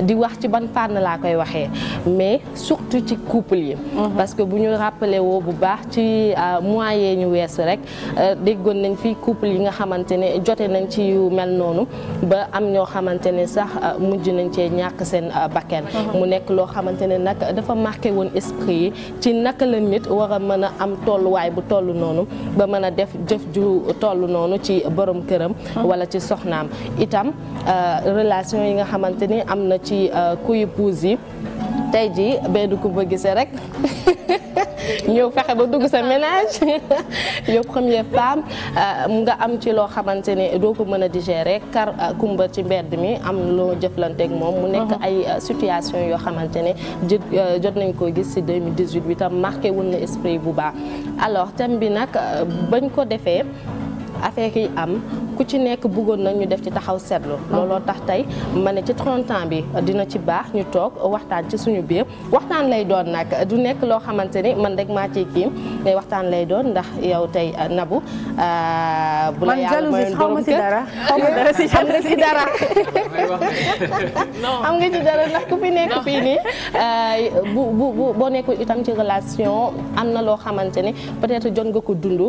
di wax ci ban fànn fànn laa koy waxee mais surtout ci couple yi. Mhm. parce que bu ñu rappelé woo bu baax ci euh, mois yee ñu wees rek euh, déggoon nañ fi couple yi nga xamante ne jote nañ ci yu mel noonu ba am ñoo xamante ne sax euh, mujj nañ cee ñàkk seen bakkan. Mhm. mu nekk loo xamante ne nag dafa marqué woon esprit yi ci naka la nit war mën a am tolluwaay bu toll noonu ba mën a def jëf ju toll noonu ci borom këram. Mhm. wala ci soxnaam itam relation yi nga xamante ni am na ci kuyub couches yi tey jii benn ku ba gisee rek ñëw <laughs> fexe ba dugg sa ménage <laughs> yow première femme euh, nga am ci loo xamante ne doo ko mën a digérer car euh, kumba ci mbedd mi am loo jëflanteeg moom mu nekk mhm. ay euh, situation yoo xamante ne jot nañ ko gis si 2018 bi tam marqué wul na esprit bu baax alors thème bi nag bañ ko defee affaire yi am ku ci nekk buggoon nañ ñu def ci taxaw seetlu looloo tax tay ma ne ci 30 ans bi dina ci baax ñu toog waxtaan ci suñu biir waxtaan lay doon nag du nekk loo xamante ni man rek maa ciy kiim mais waxtaan lay doon ndax yow tey euh, nabu euh, bu la yàlla xam <laughs> <laughs> nga ci dara ndax ku fi nekk fii nii euh, bu bu boo nekkul itam ci relation am na loo xamante ni peut-être jot nga ko dund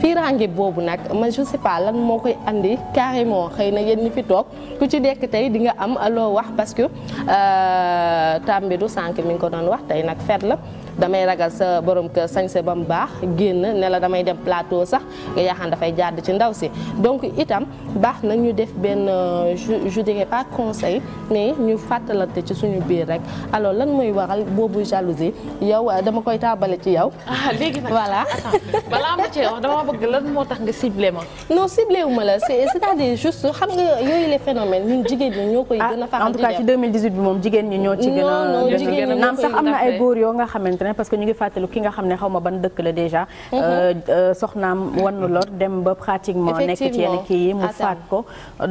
fiiraange boobu nag ma je pas lan moo koy am indi carrément xëy na yéen ñi fi toog ku ci dekk tey di nga am loo wax parce que euh, Tambidou sànq mi ngi ko doon wax tey nag fet la damay ragal sa borom kër sañse ba mu baax génn ne la damay dem plateau sax nga yaaxaan dafay jàdd ci ndaw si donc itam baax na ñu def benn euh, je dirais pas conseil mais ñu fàttalante ci suñu biir euh, ci yow. <laughs> ah léegi nag la c' est à dire juste xam nga yooyu les phénomènes ñun jigéen ñi ñoo koy. gën a ah, faral ci 2018 bi moom jigéen ñi ñoo ci a. non non jigéen ñi ñoo koy naam sax am na ay góor yoo nga xamante ne parce que ñu ngi fàttalu ki nga xam ne xaw ma ban dëkk la déjà mhm. euh, euh, soxnaam wannu lor dem ba pratiquement nekk ci yenn kii yi mu faat ko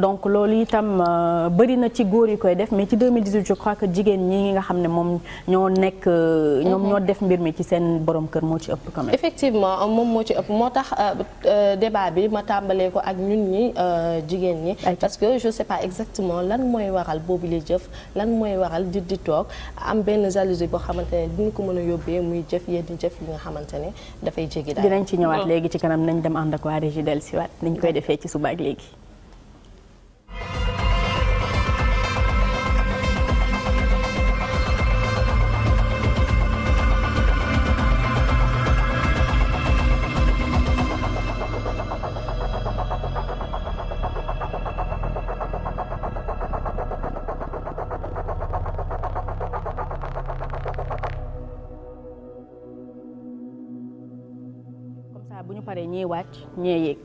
donc loolu itam euh, bëri na ci góor yi koy def mais ci 2018 je crois que jigéen ñi nga xam ne moom ñoo nekk ñoom mhm. ñoo def mbir mi ci seen borom kër moo ci ëpp quand effectivement moom moo ci ëpp moo tax débat bi ma tàmbalee ko ak ñun ñi jigéen ñi parce que je sais pas exactement lan mooy waral boobu lay jëf lan mooy waral di di toog am benn jalousie boo xamante ne ko mën a bi muy jëf yenn jëf yi nga xamante ne dafay jéggi daal. nañ ci ñëwaat léegi ci kanam nañ dem ànd ak waa régie dellusiwaat niñ koy defee ci suba ak léegi. ñii wàcc ñee yéeg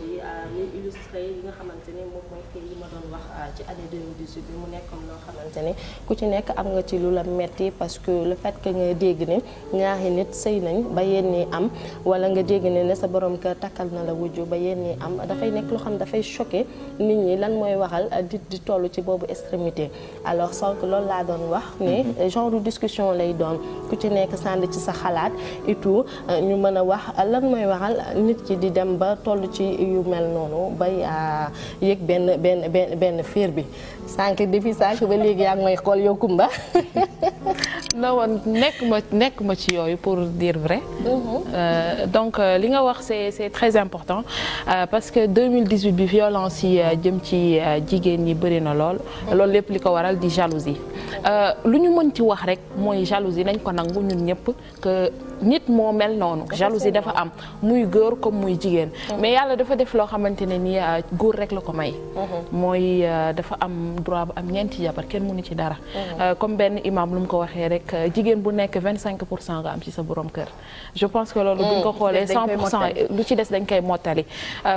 image euh, yi euh, ci année 2018 ku ci nekk am nga ci lu la metti parce que le fait que nga dégg ne ñaari nit sëy nañ ba yenn am wala nga dégg ne ne sa borom kër takkal na la wujju ba yenn am dafay nekk loo xam dafay choqué nit ñi lan mooy waxal euh, di di toll ci boobu extrémité alors sànq loolu laa doon wax ne mhm. genre discussion lay doon ku ci nekk sànni ci sa xalaat et ñu mën a wax lan mooy waxal nit ki di dem ba toll ci yu mel noonu bay euh, yëg benn benn benn benn fiir bi sànq depuis sànq ba léegi yaa mooy may xool yow Kumba. <laughs> na nekk ma nekk ma ci yooyu pour dire vrai. Mhm. Euh, donc euh, li nga wax c'est c'est très important parce que 2018 bi violence yi jëm ci jigéen ñi bëri na lool. loolu lépp li ko waral di jalousie. lu ñu mën ci wax rek mooy jalousie nañ ko nangu ñun ñëpp nit moo mel noonu jalousie dafa am muy góor comme muy jigéen mm-hmm. mais yàlla dafa def loo xamante ne ni euh, góor rek la ko may mm-hmm. mooy euh, dafa am droit bu am ñeenti jabar kenn mënu ci dara mm-hmm. euh, comme benn imam lu mu ko waxee rek jigéen bu nekk vingt cinq pour cent nga am ci sa boroom kër je pense que loolu buñ ko xoolee cent pour cent lu ci des dañ koy mottali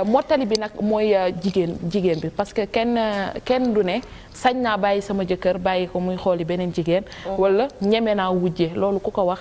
mottali bi nag mooy jigéen jigéen bi parce que kenn kenn du ne sañ naa bàyyi sama jëkkër bàyyi ko muy xooli beneen jigéen wala ñeme naa wujje loolu ku ko wax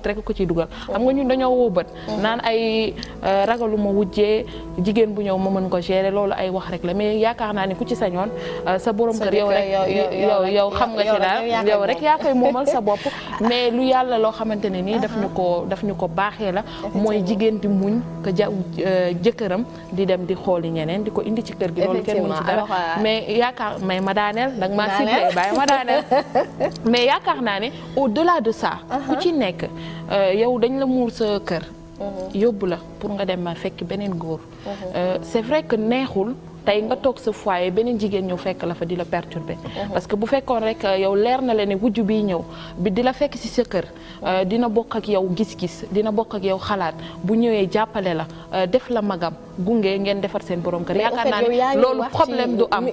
xóot rek ko ciy dugal xam nga ñun dañoo woo bët naan ay euh, ragalu ma wujjee jigéen bu ñëw ma mën ko gérer loolu ay wax rek la mais yaakaar naa ne ku ci sañoon euh, sa borom kër yow rek yow yow xam nga ci daal yow rek yaa koy moomal sa bopp <laughs> mais lu yàlla loo xamante ne nii daf ñu uh-huh. ko daf ñu ko baaxee la mooy jigéen di muñ ko ja euh, jëkkëram di dem di xooli ñeneen di ko indi ci kër gi loolu kenn mënu ci dara mais yaakaar may ma daaneel nag maa siblé bàyyi ma daaneel <laughs> mais yaakaar naa ne au delà de ku uh-huh. ci nekk Euh, yow dañ la muur sa kër. Mhm. yóbbu la pour nga dem fekk beneen góor. Mhm. Euh, c'est vrai que neexul. tey nga toog sa foyer beneen jigéen ñëw fekk la fa di la perturber uh-huh. parce que bu fekkoon rek euh, yow leer na la ne wujj biy ñëw bi di la fekk si sa kër euh, uh-huh. dina bokk ak yow gis-gis dina bokk ak yow xalaat bu ñëwee jàppale la euh, def la magam gunge ngeen defar seen borom kër yaakaar naa ne loolu problème du am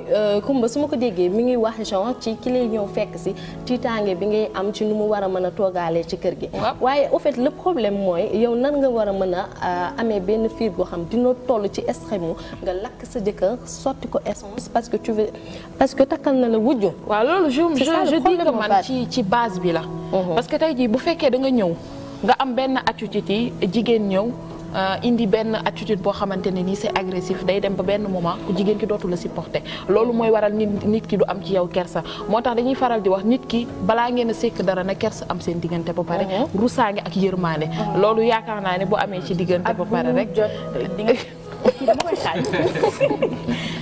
Kumba su ma ko déggee mi ngi wax genre ci ki lay ñëw fekk si tiitaange bi ngay am ci nu mu war a mën a toogaalee ci kër gi waaye au fait le mooy yow nan nga war a mën a amee benn fiir goo xam dina toll ci extrême nga lakk sa jëkkër sotti ko essence parce que tu parce que takkal na la wujju. waaw loolu je je je dis que man ci ci base bi la. Uh-huh. parce que tey jii bu fekkee danga ñëw nga am benn attitude yi jigéen ñëw. Euh, indi benn attitude boo xamante ne nii c'est agressif day dem ba benn moment ku jigéen ki dootu la supporter loolu mooy waral nit nit ki du am ci yow kersa moo tax dañuy faral di wax nit ki balaa ngeen a sekk dara na kersa am seen diggante ba pare. Uh-huh. rusaange ak yërmaane. Uh-huh. loolu yaakaar naa ne bu amee ci diggante ba pare rek. <laughs> dama koy xaaj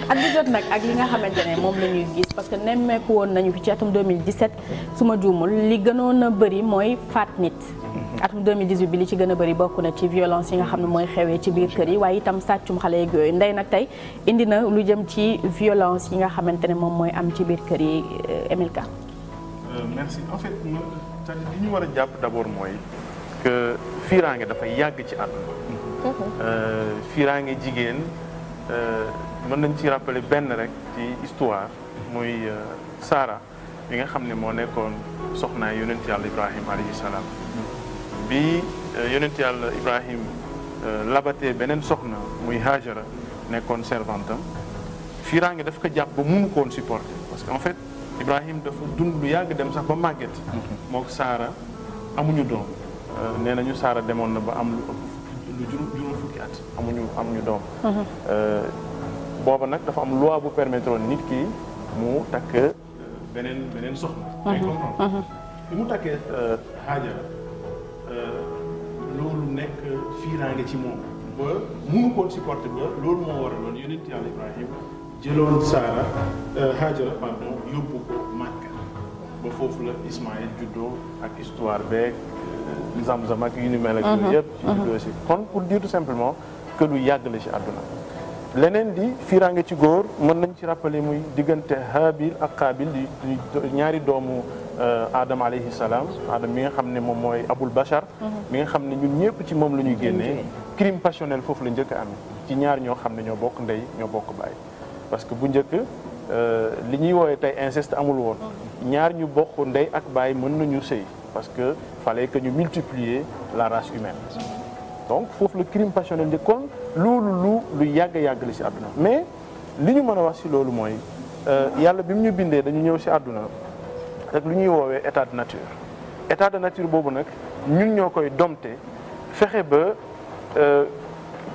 at bi nag ak li nga xamante ne moom la ñuy gis parce que nemmeeku woon nañu fi ci atum 2017 su ma juumul li gënoon a bëri mooy faat nit. atum 2018 bi li ci gën a bëri bokk na ci violence yi nga xam ne mooy xewee ci biir kër yi waaye itam sàccum xale yeeg yooyu ndey nag tey indi na lu jëm ci violence yi nga xamante ne moom mooy am ci biir kër yi euh, MLK. Euh, merci war a jàpp d'abord mooy que fiiraange dafay yàgg Euh, fiiraange jigéen euh, mën nañ ci rappale benn rek ci histoire muy euh, Saara bi nga xam ne moo nekkoon soxnaa yonent yàlla Ibrahim alayhi salaam bi yonent yàlla Ibrahim labatee beneen soxna muy Hajara nekkoon servante am fiiraange daf ko jàpp ba mënu ko woon parce que en fait Ibrahim dafa dund lu yàgg dem sax ba màgget. Mm-hmm. moo Saara amuñu doom nee nañu Saara demoon na ba am lu ëpp lu juróom juróom fukki at amuñu doom mhm. euh, booba nag dafa am loi bu permettre nit ki mu takk euh, beneen beneen soxna mhm. ay mhm. mu takkee xaajal euh, loolu nekk fiiraange ci moom ba munu koon supporter ba loolu moo waraloon yonent yàlla Ibrahima jëloon Saara xaajal pardon yóbbu ko Màkka ba foofu la Ismaël juddoo ak histoire beeg zam-zam ak yu ni mel ak mhm. yooyu ci juddu mhm. aussi kon pour dire tout simplement que lu yàgg la ci àdduna leneen di fiiraange ci góor mën nañ ci rappeler muy diggante Haabil ak Qaabil di ñaari doomu euh, Adam alayhi salaam mi nga xam ne moom mooy Abul Bachar mhm. mi nga xam ne ñun ñëpp ci moom la ñuy génnee crime passionnel foofu la njëkk a am ci ñaar ñoo xam ne ñoo bokk ndey ñoo bokk baay parce que bu njëkk euh, li ñuy woowee tey inceste amul woon ñaar ñu bokk ndey ak baay mën nañu sëy parce que fallait que ñu multiplier la race humaine donc foofu le crime passionnel di kon loolu lu lu yàgg yàggale si àdduna mais li ñu mën a wax si loolu mooy euh, yàlla bi mu ñu bindee dañu ñëw si àdduna rek lu ñuy woowee état de nature état de nature boobu nag ñu ñoo koy domte fexe ba euh,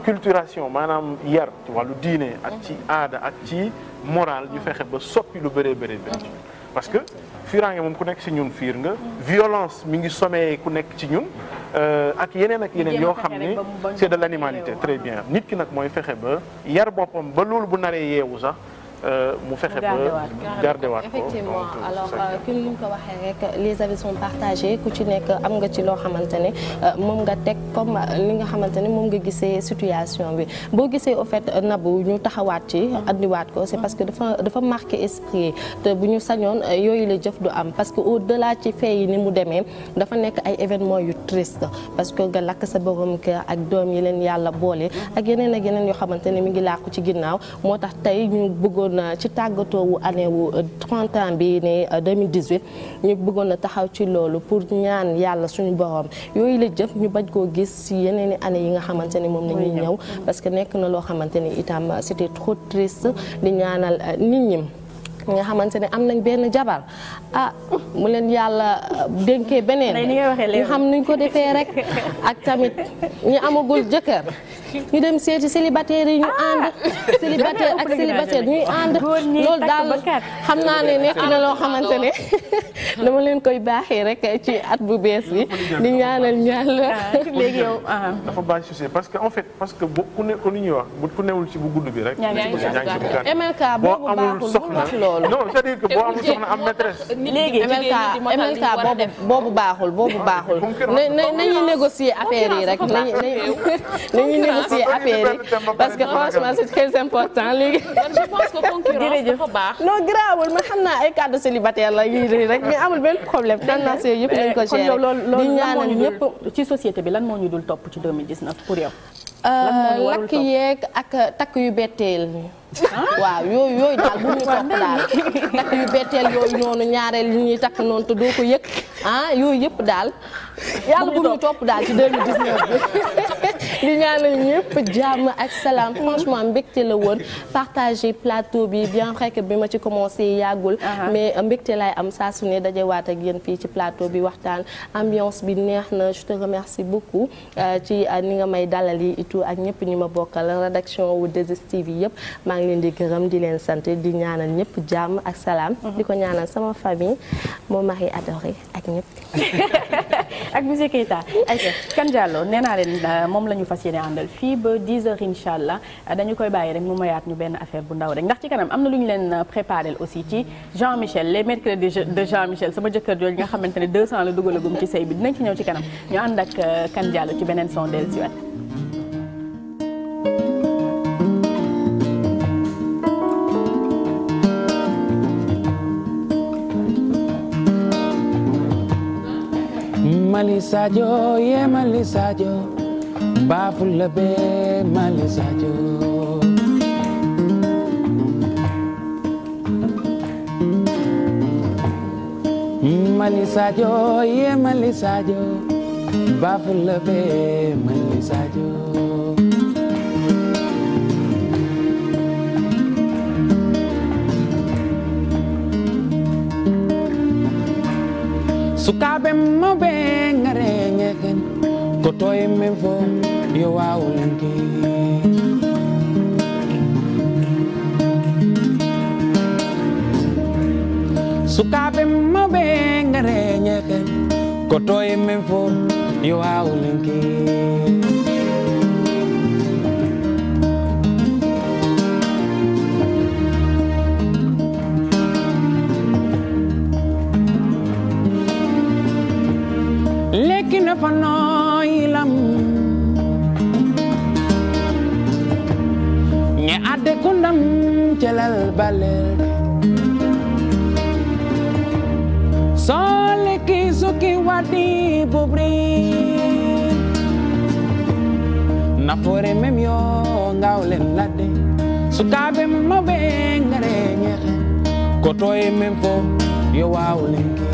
culturation maanaam yar ci wàllu diine ak ci aada ak ci morale ñu fexe ba soppi lu bëree bëri bëri mm-hmm. parce que fiiraange moom ku nekk ci ñun fiir nga mm. violence mi ngi sommee ku nekk ci ñun euh, ak yeneen ak yeneen yoo xam ne c'est de l'animalité très bien nit ki nag mooy fexe ba yar boppam ba loolu bu naree yeewu sax Euh, mu fexe ba garder waat ko effectivement euh, ku ci nekk am nga ci loo xamante ne euh, moom nga teg comme ni nga xamante ne moom nga gisee situation bi boo gisee au fait nabu ñu taxawaat ci andiwaat ko c'est parce que dafa dafa marqué esprit te bu ñu sañoon yooyu la jëf du am parce que au delà ci fee yi ni mu demee dafa nekk ay événements yu triste parce que nga lakk sa borom kër ak doom yi leen yàlla boole ak yeneen ak yeneen yoo xamante ne mi ngi làqu ci ginnaaw moo tax tey ñu bëggoon na euh, ci tàggatoo wu année wu 30 euh, ans bi ni 2018 ñu bëggoon a taxaw ci loolu pour ñaan yàlla suñu borom yooyu la jëf ñu bañ koo gis si yeneen i année yi nga xamante ne moom la ñuy ñëw parce que nekk na loo xamante ni itam euh, c'était trop triste di ñaanal nit ñi nga xamante ne am nañ benn jabar ah mu leen yàlla uh, dénkee beneen ñu xam nuñ ko defee rek ak tamit ñu amagul jëkkër ñu dem seeti célibataire yi ñu ah! ànd célibataire ak célibataire ñuy ànd loolu daal xam naa ne nekk na loo xamante ne <laughs> dama leen koy baaxee rek ci at bu bees bi di ñaanal ñaanal ah, léegi yow ah. dafa baax succès parce que en fait parce que bu ku ne ko ni ñuy wax ci bu bi rek MLK boobu baaxul wax loolu loolu. non c'est-à-dire que boo amul soxna am maîtresse. léegi MLK boobu baaxul boobu baaxul. na nañuy affaire yi rek nañu nañuy négocier affaire yi <laughs> parce que franchement c'est très important léegi. <laughs> xam naa ay cadre célibataire la yii rek mais amul benn problème tendance yooyu yëpp nañu ko eh, gérer. di ñaanal ci société bi lan moo ñu dul topp ci 2019 pour yow. Euh, lakk yeeg ak takk yu betteel ah? waaw yooyu yooyu daal bu ñu topp daal takk yu betteel yooyu noonu ñaareel li ñuy takk noonu te doo ko yëg ah yooyu yëpp daal yàlla bu ñu topp daal ci 2019 di ñaanal ñëpp jàmm ak salaam franchement la woon partager plateau bi bien bi ma ci commencé yàggul mais mbégte laay am saa su dajewaat ak yéen fii ci plateau bi waxtaan ambiance bi neex na je te remercie beaucoup euh, ci euh, ni nga may dalal yi ñëpp ñi ma bokkal rédaction wu 2STV yi maa ngi leen di gërëm di leen sant di ñaanal ñëpp jàmm ak salaam di ko ñaanal sama famille mon mari adoré ak ñëpp <laughs> ak monsieur Keita ayca kan nee naa leen euh, moom la ñu fas yéene àndal fii ba 10h incha allah euh, dañu koy bàyyi rek mu mayaat ñu benn affaire bu ndaw rek ndax ci kanam am na lu ñu leen euh, préparé aussi ci Jean Michel les mercredis de Jean Michel sama jëkkër jooju nga xamante ne 200 la dugalagum ci sëy bi dinañ ci ñëw ci kanam ñu ànd ak kan Diallo ci beneen son dellusiwaat. malisajo ye malisajo bafula be eh, malisajo malisajo ye malisajo bafula sukaaɓe mawɓe ngare ñeken koto e men fo yo wawolante sukaaɓe mawɓe ki adde kundam celal balel soole ki suki wati bubri nafoore mem yo ngawlen ladde sukaaɓe maɓe ngare ñexe kotoye men fo yo waawlen ki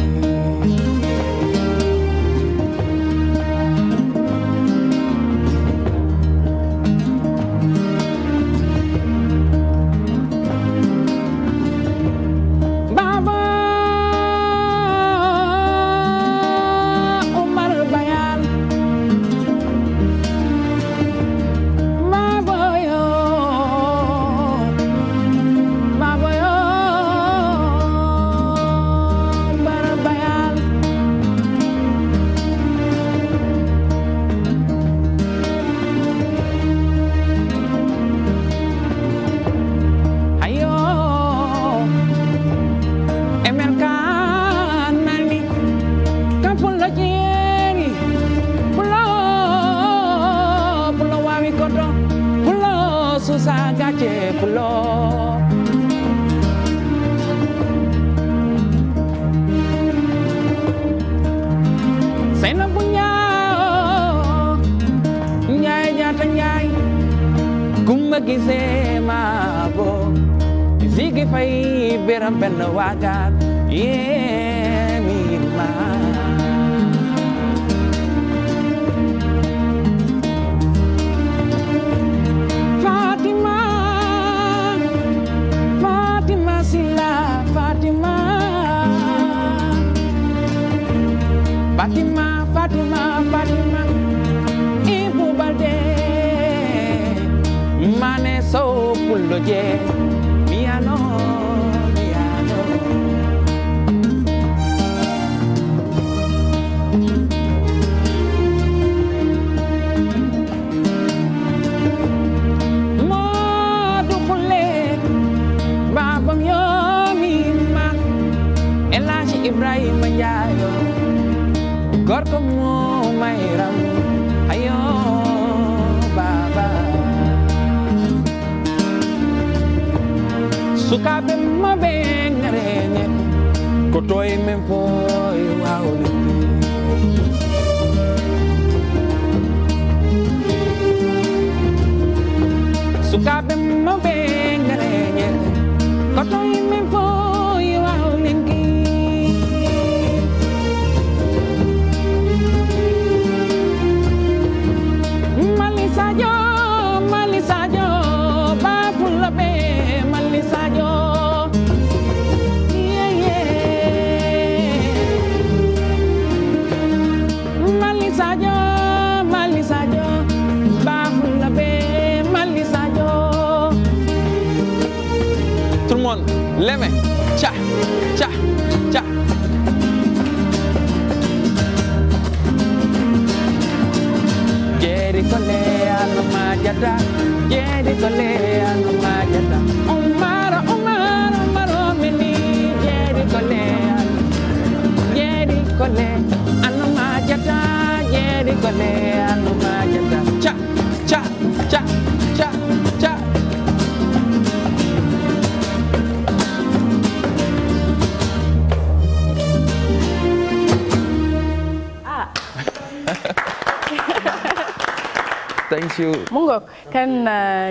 you. mu ngoog kan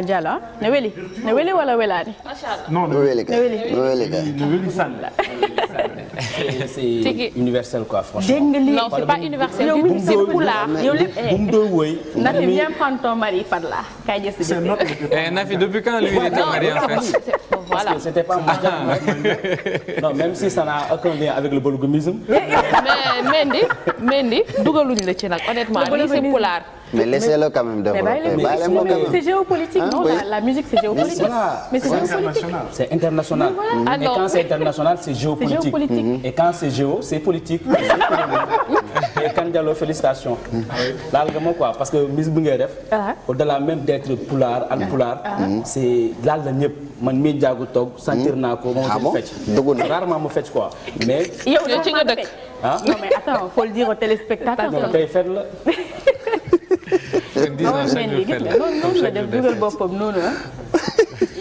Jalla uh, ne weli ne weli wala welaani. macha allah non ne weli kay ne weli kay ne weli sànni la. c'est universel quoi franchement. dégg nga lii non c'est pas universel. yow mii c'est pulaar yow lépp. bu mu doon woy. Nafi viens prendre ton mari par là. kaay jëstu jëstu. Nafi depuis quand lui il était marié en fait. voilà parce que c'était pas moi. Ah. non même si ça n'a aucun lien avec le bolgomisme. Eh, eh, mais Mendy Mendy dugaluñu la ci nag honnêtement lii c'est pulaar. mais laissez-le quand même développer. mais c'est géopolitique ah non la musique c'est géopolitique. c'est international. et quand c'est international c'est géopolitique. Mhm. et quand c'est géo c'est politique. mais <laughs> Kane Diallo félicitations. Ah laal nga ma quoi parce que mise bi ngay def. de ah. delà même d'être pulaar ak pulaar. Mhm. c'est laal la ñëpp man mii jaagu toog sentir naa ko. ah bon dugg na rarement mu fecc quoi mais. yow ci nga dëkk. ah non dire aux téléspectateurs. <laughs> dix ans chaque jour fenn comme chaque jour benn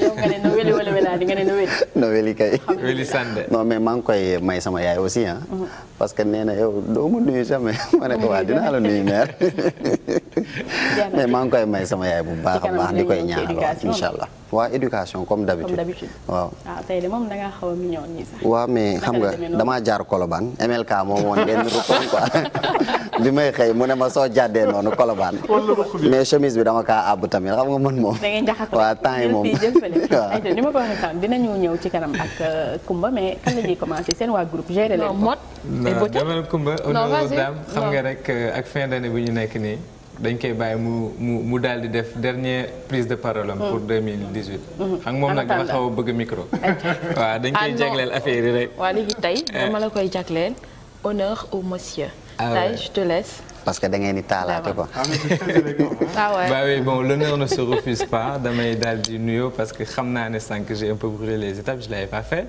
yow nga ne weli weli. <laughs> kay. weli sande. non maa ngi koy may sama yaay aussi ah. Mm-hmm. parce que nee na yow doo jamais ma ne ko waa dinaa la nuyu meer. mais maa ngi koy may sama yaay bu baax a baax di koy ñaanal waaw allah. waa éducation comme d'habitude waaw. ah xam nga damaa jaar Colobane MLK moom woon benn ruqam quoi <laughs> bi may xëy mu ne ma soo jàddee noonu Colobane. mais chemise bi dama kaa àbb tamit xam nga man moom. da ngeen yi moom <laughs> li ma ko waxee sànq dinañu ñëw ci kanam ak euh, Kumba mais kan la ñuy commencé seen waa groupe gérer leen ko. non Kumba honneur aux dames xam nga rek euh, ak fin d'année bu ñu nekk nii. dañ koy bàyyi mu mu mu daal di def dernier prise de parole pour 2018. Mm. Mm-hmm. xam nga moom nag dafa xaw a bëgg micro. <laughs> waaw dañ koy ah, jagleel affaire yi rek. waaw léegi tey eh. dama koy jagleel honneur au monsieur. ah te laisse. parce que da ngeen di taalaate quoi. ah, ah oui bon l'honneur ne se refuse pas damay daal di nuyoo parce que xam naa ne sànq j'ai un peu brûlé les étapes je l'avais pas fait.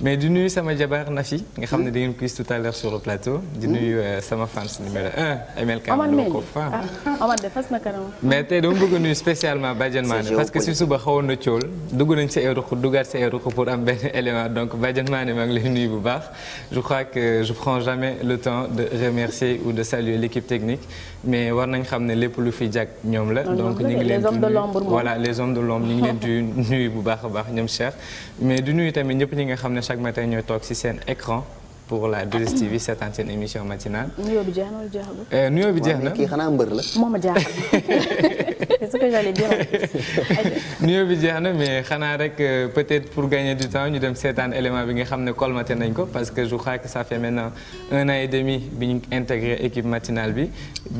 mais di nuyu sama jabar Nafi nga xam ne da ngeen ko gis tout à l'heure sur le plateau. di hmm? nuyu euh, sama fans numéro un. MLK mënoo ko fan. Omar de fas na kanam. mais tey dama bëgg nuyu spécialement Badiane Mané parce que si suba xawoon na cool dugg nañ sa eruq duggaat sa eruq pour am benn élément donc Badiane Mané maa ngi lay nuyu bu baax. je crois que je prends jamais le temps de remercier ou de saluer l'équipe technique mais war nañ xam ne lépp lu fi jag ñoom la. donc ñu ngi leen di nuyu voilà les hommes de l'ombre ñu <laughs> bu baax baax ñoom chaque matin ñooy toog ci seen écran pour la 2STV seetaan seen émission matinale. nuyoo bi jeex na wala euh, bi jeex na kii la. moom a <laughs> bi jeex na mais xanaa rek euh, peut-être pour gagner du temps ñu dem seetaan élément bi nga xam ne colmaté nañ ko parce que je crois que ça fait maintenant un an et demi bi ñu intégré équipe matinale bi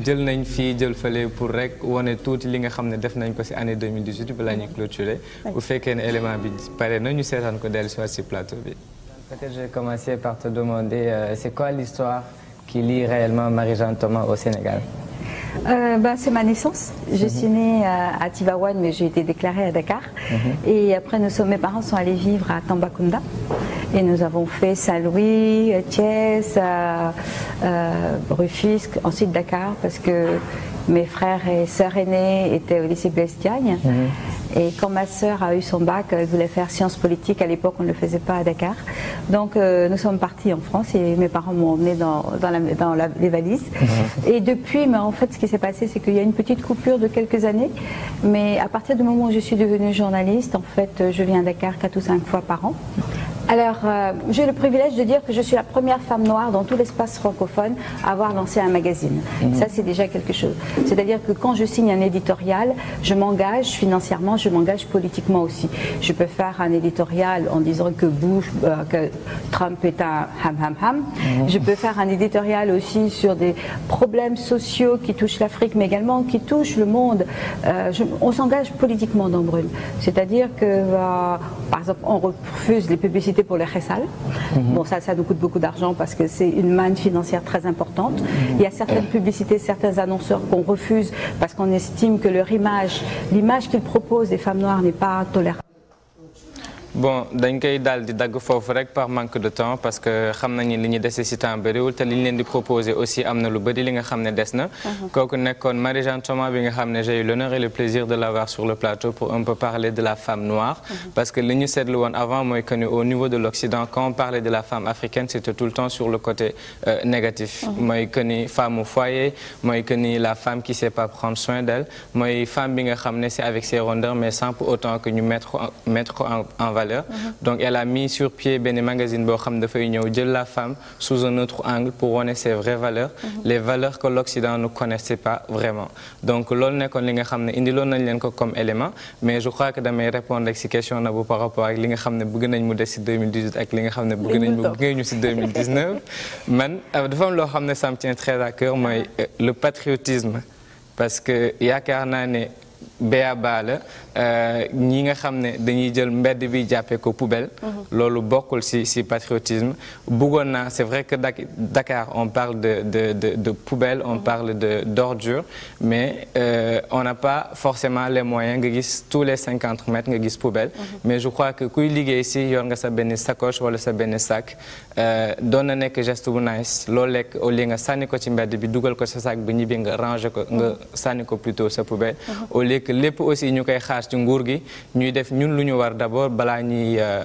jël nañ fii jël fële pour rek wane tuuti li nga xam ne def nañ ko ci année 2018 balaa ñuy clôturer bu fekkee ne élément bi pare na ñu seetaan ko dellu si waat si plateau bi. Peut-être je vais commencer par te demander, euh, c'est quoi l'histoire qui lie réellement Marie-Jeanne Thomas au Sénégal euh, bah, c'est ma naissance. Je mm -hmm. suis née à, euh, à Tivaouane, mais j'ai été déclarée à Dakar. Mm -hmm. Et après, nous sommes, mes parents sont allés vivre à Tambacounda. Et nous avons fait Saint-Louis, euh, Thiès, euh, euh, Rufisque, ensuite Dakar, parce que Mes frères et sœurs aînés étaient au lycée Blaise Diagne. Mmh. Et quand ma sœur a eu son bac, elle voulait faire sciences politiques. À l'époque, on ne le faisait pas à Dakar. Donc, euh, nous sommes partis en France et mes parents m'ont emmené dans, dans, la, dans la, les valises. Mmh. Et depuis, mais en fait, ce qui s'est passé, c'est qu'il y a une petite coupure de quelques années. Mais à partir du moment où je suis devenue journaliste, en fait, je viens à Dakar 4 ou 5 fois par an. Alors, euh, j'ai le privilège de dire que je suis la première femme noire dans tout l'espace francophone à avoir lancé un magazine. Mmh. Ça, c'est déjà quelque chose. C'est-à-dire que quand je signe un éditorial, je m'engage financièrement, je m'engage politiquement aussi. Je peux faire un éditorial en disant que Bush, euh, que Trump est un ham ham ham. Mmh. Je peux faire un éditorial aussi sur des problèmes sociaux qui touchent l'Afrique, mais également qui touchent le monde. Euh, je, on s'engage politiquement dans Brune. C'est-à-dire que, euh, par exemple, on refuse les publicités activité pour le Khessal. Mmh. Bon, ça, ça nous coûte beaucoup parce que c'est une manne financière très importante. Il y a certaines publicités, certains annonceurs qu'on refuse parce qu'on estime que leur image, l'image qu'ils proposent des femmes noires n'est pas bon dañ koy di dagg foofu rek par manque de temps parce que xam nañu li ñu dese si temps te li ñu leen di li nga xam ne des na. Uh-huh. nekkoon Marie-Jeanne bi nga xam ne j'ai eu l'honneur et le plaisir de l'avoir sur le plateau pour un peu parler de la femme noire. Uh-huh. parce que li ñu seetlu woon avant mooy que ni au niveau de l'Occident quand on parlait de la femme africaine c'était tout le temps sur le côté euh, négatif. Uh-huh. mooy que ni femme au foyer l'heure donc elle a mis sur pied benn magazine boo xam dafay ñëw jël la femme sous un autre angle pour wane ses vraies valeurs les valeurs que l'Occident ne connaissait pas vraiment donc loolu nekkoon li xam ne indiloon nañ leen ko comme élément mais je crois que damay répondre rek si na bu par rapport ak li nga xam ne bëgg mu des si 2018 ak xam ne bëgg mu bëgg ñu si 2019 man dafa am xam ne ça me tient très à cœur mooy euh, le patriotisme béaba la euh, ñi nga xam ne dañuy jël mbedd bi jàppee ko poubelle. Mhm. loolu bokkul si ci patriotisme bëggoon naa c'est vrai que Dakar on parle de de de de poubelle on mhm. parle de d'ordure mais euh, on n'a pas forcément les moyens nga gis tous les cinquante mètres nga gis poubelle. Mhm. mais je crois que kuy liggéey si yor nga sa benn sacoche wala sa benn sac euh, doon na nekk geste bu nice loolu lekk au li nga sànni ko ci mbedd bi dugal ko sa sac bu ñibbi nga ranger ko nga sànni ko plutôt sa poubelle. fekk lépp aussi ñu koy xaar ci nguur gi ñuy def ñun lu ñu war d'abord balaa ñuy euh,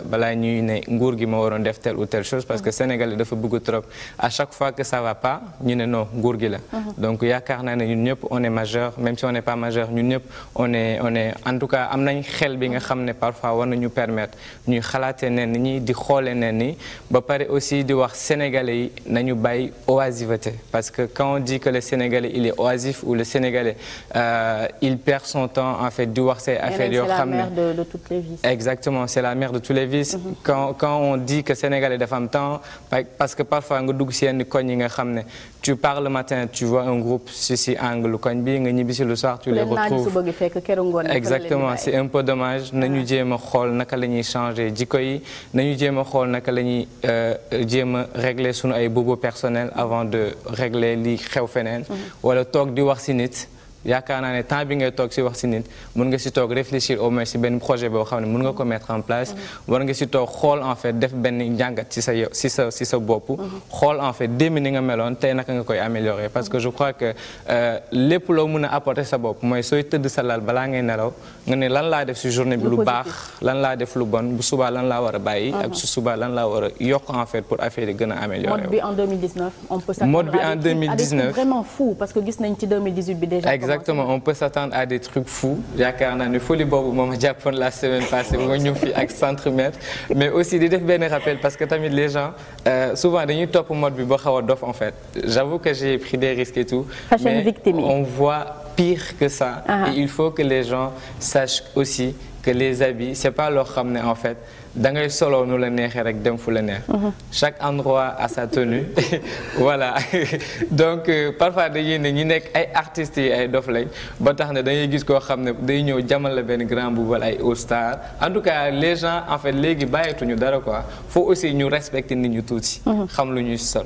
ne nguur gi ma waroon def telle ou telle chose parce que mm-hmm. sénégalais dafa bëgg trop à chaque fois que ça va pas ñu ne non nguur gi la mm-hmm. donc yaakaar naa ne ñun ñëpp on est majeur même si on n'est pas majeur ñun ñëpp on est en tout cas am nañ xel bi nga xam ne parfois war nañu permettre ñuy xalaatee nen ñi di xoolee nen ni ba pare aussi di wax sénégalais yi nañu bàyyi oisiveté parce que quand on dit que le sénégalais il est oisif ou temps en fait di wax say affaire yoo xam ne la mère de les vices. exactement c'est la mère de tous les vices. Mhm. quand quand on dit que sénégalais dafa am parce que parfois nga dugg si yenn koñ nga xam ne tu pars le matin tu vois un groupe si si angle koñ bi nga ñibbi si le soir tu les retrouves exactement c'est un peu dommage nañu jéem a xool naka la ñuy changer jikko yi nañu jéem a xool naka la ñuy euh, jéem a régler sunu ay bobo personnel avant de régler li xew feneen mhm. wala toog di wax nit yaakaar naa ne temps bi ngay toog si wax si nit mun nga si toog réfléchir au moins si benn projet boo xam ne mun nga ko mettre en place mm-hmm. war nga si toog xool en fait def benn njàngat si sa bopp mm-hmm. xool en fait démb ni nga meloon tey naka nga koy améliorer parce que je crois que euh, lépp loo mun a apporter sa bopp mooy sooy tëdd sa lal balaa ngay nelaw nga ne lan laa def si journée bi lu baax lan laa def lu bon bu subaa lan laa war a bàyyi ak mm-hmm. su subaa lan laa war yokk en fait pour affaire gën a améliorer exactement on peut s'attendre à des trucs fous yaakaar naa ne folie boobu moom a jàppoon la semaine passée bu ma ñëw fii ak centimètre mais aussi di def benn rappel parce que tamit les gens euh, souvent dañuy topp mode bi ba xaw a dof en fait j'avoue que j'ai pris des risques et tout Fashion mais victime. on voit pire que ça uh ah -huh. Ah. et il faut que les gens sachent aussi que les habits c'est pas leur ramener en fait da ngay solo nu la neexee rek dem fu la neex. Mhm. chaque endroit a sa tenue <laughs> voilà <laughs> donc euh, parfois dañuy ne ñi nekk ay artistes yi ay dof lañ ba tax ne dañuy gis koo xam ne day ñëw jamal la benn grand bu ay all star en tout cas les gens en fait léegi bàyyeetuñu dara quoi faut aussi ñu respecter nit ñu tuuti. Mhm. xam lu ñuy sol.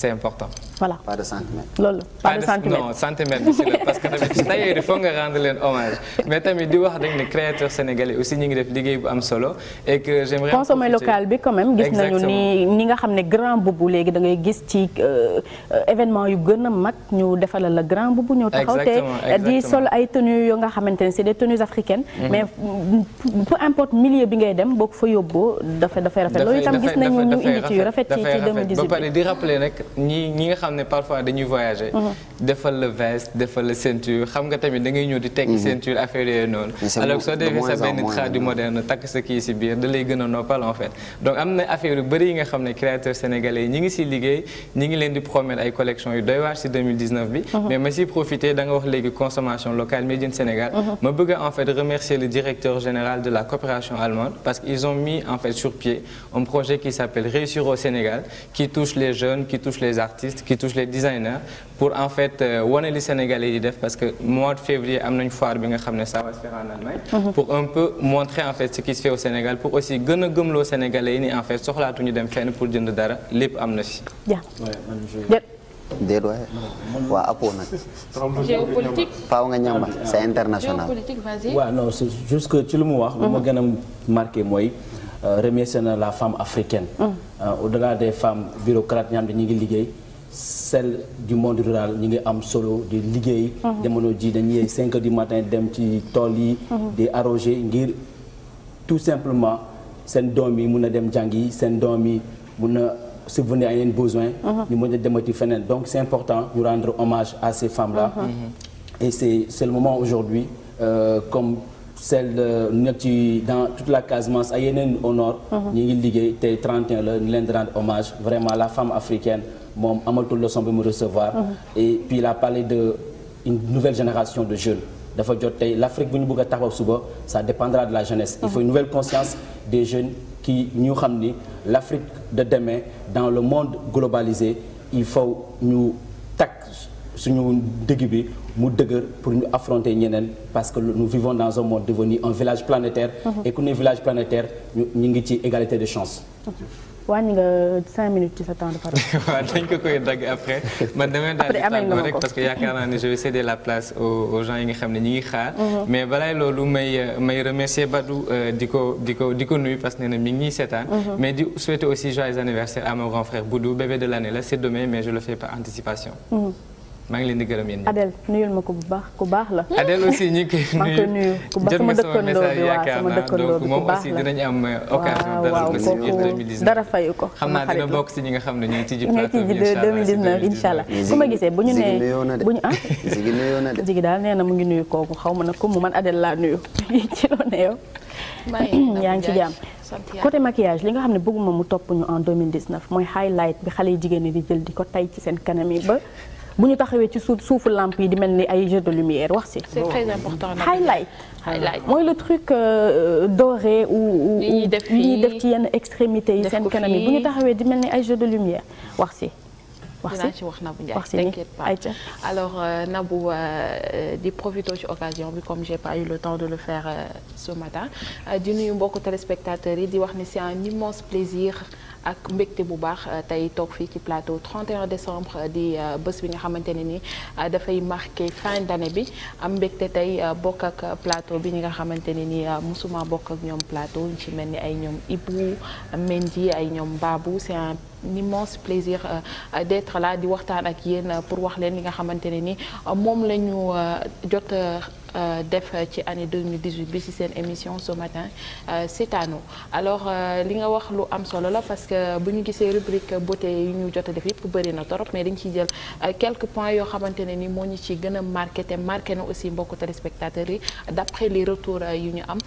c'est important. voilà pas de centimètre. loolu pas de centimètre non centimètre bi si la parce que tamit tailleur yi foog nga rendre leen hommage mais tamit di wax rek ne créateur sénégalais aussi ñu ngi def liggéey bu am solo et que j'aimerais consommer local bi quand même gis nañu ni ñi nga xam ne grand boubou léegi da ngay gis ci euh, euh, événement yu gën a mag ñu defalal la grand boubou ñëw taxaw te di sol ay tenues yoo nga xamante ne c'est des tenues africaines mhm. mais mm, peu importe milieu bi ngay dem boo ko fa yóbboo dafay dafay rafet loolu itam gis nañu ñu indi ci yu rafet ci ci 2018 ba pare di rappeler rek ñi nga xam ne parfois dañuy voyager mhm. defal la veste defal la ceinture xam nga tamit da ngay ñëw di tekki mhm. ceinture affaire yooyu noonu soo defee sa benn tradu moderne takk sa kii si biir da lay gën en fait donc am na affaire yu nga xam ne créateurs sénégalais yi ñi si liggéey ñi ngi leen di promettre ay collection yu bi mhm. mais ma si profiter da nga consommation locale Made in ma bëgg en fait remercier le directeur général touche les artistes qui touche les designers pour en fait euh, wane li Sénégalais yi def parce que mois de février am nañ foire bi nga xam ne ça va se faire en Allemagne mhm. pour un peu montrer en fait ce qui se fait au Sénégal pour aussi gën a gëmloo Sénégalais yi ni en fait soxlaatuñu dem fenn pour jënd dara lépp am na fi. déet waay waaw appoo nag. géopolitique faaw nga ñamba c'est international. waaw non c'est juste que ci lu mu wax. lu ma gën mooy. Euh, remercier na la femme africaine. Mm. Euh, au-delà des femmes bureaucrates ñi xam ne ñu ngi liggéey. celle du monde rural ñu ngi am solo di liggéey. Mm-hmm. jamono ji dañuy cinq heures du matin dem ci tool yi. Mm-hmm. di arroser ngir tout simplement seen doom yi mun a dem jàng yi seen doom yi mun na subvenir à yeneen besoin mm-hmm. ñu mun a demati feneen donc c'est important ñu rendre hommage à ces femmes là. et c'est c'est moment aujourd'hui euh, comme. celle de nekk ci dans toute la Casamance ak yeneen au nord. Mhm. ñu ngi liggéey tey 31 la ñu leen di rendre hommage vraiment la femme africaine moom amatul leçon bi mu recevoir. Mhm. et puis il a de une nouvelle génération de jeunes. dafa jot tey l' Afrique ñu bëgg tax taxaw suba ça dépendra de la jeunesse. il mhm. faut une nouvelle conscience des jeunes qui ñu xam ni l' Afrique de demain dans le monde globalisé il faut ñu takk. suñu dëgg bi mu dëgër pour ñu affronter ñeneen parce que nous vivons dans un monde devenu un village planétaire e ku ne village planétaire ñu ngi ci égalité de chance wàññi nga cinq minutes ci sa temps de parole. <laughs> waaw dañ ko koy dagg après. man damay daal di tàggoo rek parce que yaakaar naa ne je vais céder la place aux gens yi nga xam ne ñi ngi xaar. Mhm. mais balaay loolu may remercier Badou euh, di ko di ko di parce que nee mi ngi ñuy seetaan. Mhm. mais souhaiter aussi joyeux anniversaire à mon grand frère Boudou maa ngi leen di gërëm yéen ñëpp Adel nuyul ma ko bu baax ku baax la. Adel aussi ñu ngi koy nuyu sama message yaakaar naa donc moom aussi dinañ am euh, occasion dalal ko dara fayu ko xam naa dina bokk si ñi nga xam ne ñooy tijji plateau bi 2019 incha allah ku ma gisee bu ñu nee bu ñu ah jigi daal nee na mu ngi nuyu kooku xaw ma na ku mu man Adel laa nuyu <laughs> ci loo ne yow <coughs> yaa ngi ci jàmm côté maquillage li nga xam ne bëgguma mu topp ñu en 2019 mooy highlight bi xale yi jigéen ñi di jël di ko tay ci seen kanam ba bu ñu taxawee ci suuf suufu lampe yi di mel ni ay jeux de lumière wax si. c'est très important highlight. highlight mooy le truc euh, doré ou. li ñuy def fii def ci yenn extrémités yi seen kanam yi bu di mel ni ay jeux de lumière wax si. dinaa ci wax Nabou Ndiaye t'inquiète pas alors euh, euh, euh, di profité ci occasion bi comme j'ai pas eu le temps de le faire euh, ce matin di nuyu mbokku téléspectateurs yi di wax ni c'est un immense plaisir ak mbégte bu baax euh, tey toog fii ci plateau 31 décembre euh, di euh, bës bi nga xamante ne ni dafay marqué fin d'année bi am mbégte tey bokk ak plateau bi ñi nga xamante ne ni musuma bokk ak ñoom plateau ñu ci mel ni ay ñoom Ibou Mendy ay ñoom Babou c'est un un immense plaisir d'être là di waxtaan ak yéen pour wax leen li nga xamante ne ni moom la ñu jot Euh, def euh, ci année 2018 bi ci seen émission ce matin c'est à nous alors euh, li nga wax lu am solo la parce que bu ñu gisee rubrique beauté yi ñu jot def yëpp bëri na torop mais dañ ciy jël quelques point yoo xamante ne ni moo ñu ci gën a marqué te marqué na aussi mbokku téléspectateurs yi d'après les retour yu ñu am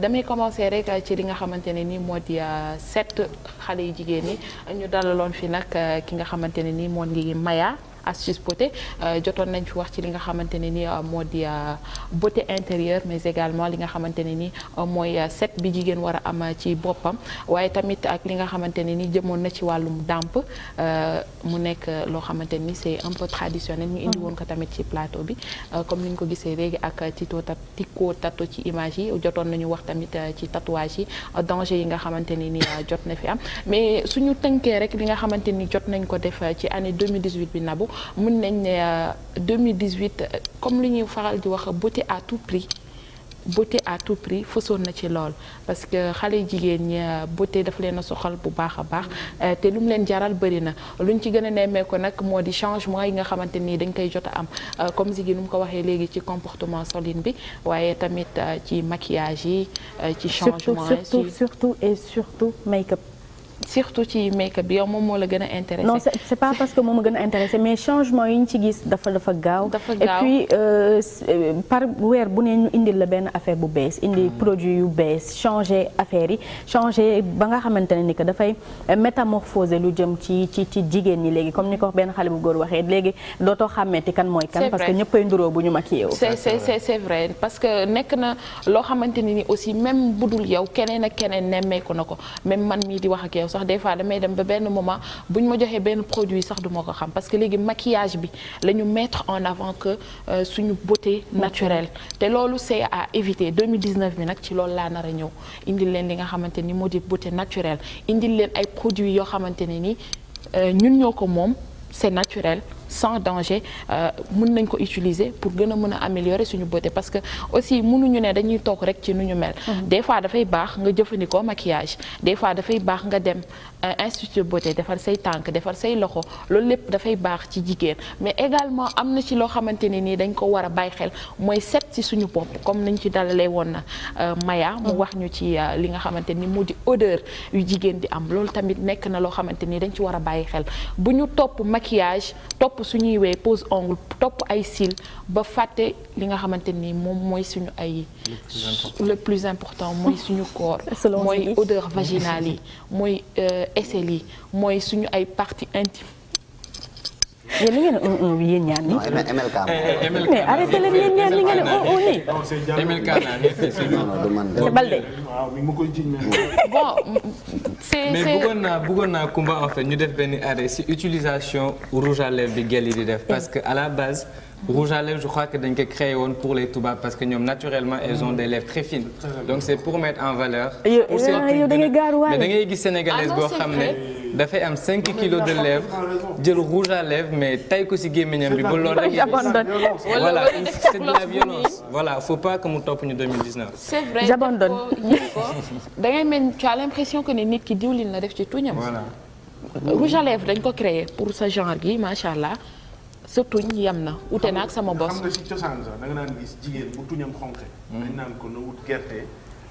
damay commencer rek ci li nga xamante ne ni moo di sept xale yi jigéen ñi ñu dalaloon fi nag ki nga xamante ne ni moo ngi Maya astuce beauté euh, jotoon nañ fi wax ci li nga xamante ne ni euh, moo di euh, beauté intérieure mais li nga xamante ne ni mooy set bi jigéen war am ci boppam waaye tamit ak li nga xamante ne ni jëmoon na ci wàllum dàmp mu nekk loo xamante ni c'est un peu traditionnel ñu indi woon ko tamit ci plateau bi comme ni ñu ko gisee léegi ak tito ta tikko tato ci image yi jotoon nañu wax tamit ci tatouage yi danger yi nga xamante ne ni jot na fi am mais suñu tënkee rek li nga xamante ni jot nañ ko def ci année 2018 bi nabu mën nañ ne 2018 euh, euh, comme lu ñuy faral di wax beauté à tout prix beauté à tout prix fësoon na ci lool parce que xale jigéen ñi euh, beauté dafa leen a soxal bu baax a baax te lu mu leen jaral bëri na luñ ci gën a nemmeeku nag moo di changement yi nga xamante nii dañ koy jot a am comme Ziggy nu mu ko waxee léegi ci comportement solide bi waaye tamit ci maquillage yi ci changement surtout surtout et surtout make-up surtout ci make bi yow moom moo la gën a intéressé. non c'est pas parce que moom a gën a intéressé mais changement yi ñu ci gis dafa dafa gaaw. dafa gaaw et puis euh, euh, par weer bu ne ñu indil la benn affaire bu bees. indi hmm. produits yu bees changer affaire yi changer ba nga xamante ne ni que dafay métamorphoser lu jëm ci ci ci jigéen ñi léegi comme ni ko benn xale bu góor waxee léegi dootoo xàmmeeti kan mooy kan. parce que ñëppay nduroo bu ñu ma wu. c'est c'est vrai parce que nekk na loo xamante ne ni aussi même budul yow keneen ak keneen nemmeeku na ko même man yow sax des fois damay dem ba benn moment buñ ma joxee benn produit sax du ko xam parce que léegi maquillage bi la ñu mettre en avant que euh, suñu beauté naturel te loolu c'est à éviter 2019 bi nag ci loolu laa nar a ñëw indil leen li nga xamante ni moo di beauté naturelle indil leen ay produits yoo xamante ne ni euh, ñun ñoo ko moom c'est naturel sans danger euh, mën nañ ko utiliser pour gën a mën a améliorer suñu beauté parce que aussi mënuñu ne dañuy toog rek ci nu ñu mel. Mhm. des fois dafay baax nga jëfandikoo maquillage des fois dafay baax nga dem euh, institut de beauté defar say tànk defar say loxo loolu lépp dafay baax ci jigéen mais également am na ci loo xamante ne nii dañ ko war a bàyyi xel mooy set ci suñu bopp comme nañ ci dalalee woon na euh, Maya mu mhm. wax ñu ci li nga xamante ni mu di odeur yu jigéen di am loolu tamit nekk na loo xamante ni dañ ci war a bàyyi xel su ñuy wee pose ongle topp ay cils ba fàtte li nga xamante ni moom mooy suñu ay le plus important mooy suñu corps <laughs> mooy odeur vaginale yi mooy euh, aisselle yi mooy suñu ay parties intimes yéen li ngeen ne un un bi yéen ñaar nii. non MLK moom. Eh, eh, mais arrêté leen yéen ñaar li ngeen ne un un nii. MLK naa Balde. waaw mu koy <laughs> bëggoon naa bëggoon Kumba en ñu def benn arrêt si utilisation rouge à lèvres bi di def parce que à la base. rouge à lèvres je crois créé woon pour les tubaab parce que ñoom naturellement elles ont des lèvres très fines donc c'est pour mettre en valeur pour mais da ngay gis sénégalaise ah, boo xam ne dafay am 5 kilos de lèvres jël rouge à lèvres mais tay ko ci gémmiñam bi ba loolu rek voilà c'est de la violence voilà faut pas que mu topp ñu 2019 c'est vrai j'abandonne da ngay mel tu as l'impression que ne nit ki diwlin la def ci tuñam rouge dañ ko créé pour sa genre gi macha allah surtout ñu yem na ute na ak sama bos. xam nga ci cosaan sax da nga naan gis jigéen bu tuñam xonqe. Hmm. dañ naan ko na wut gerte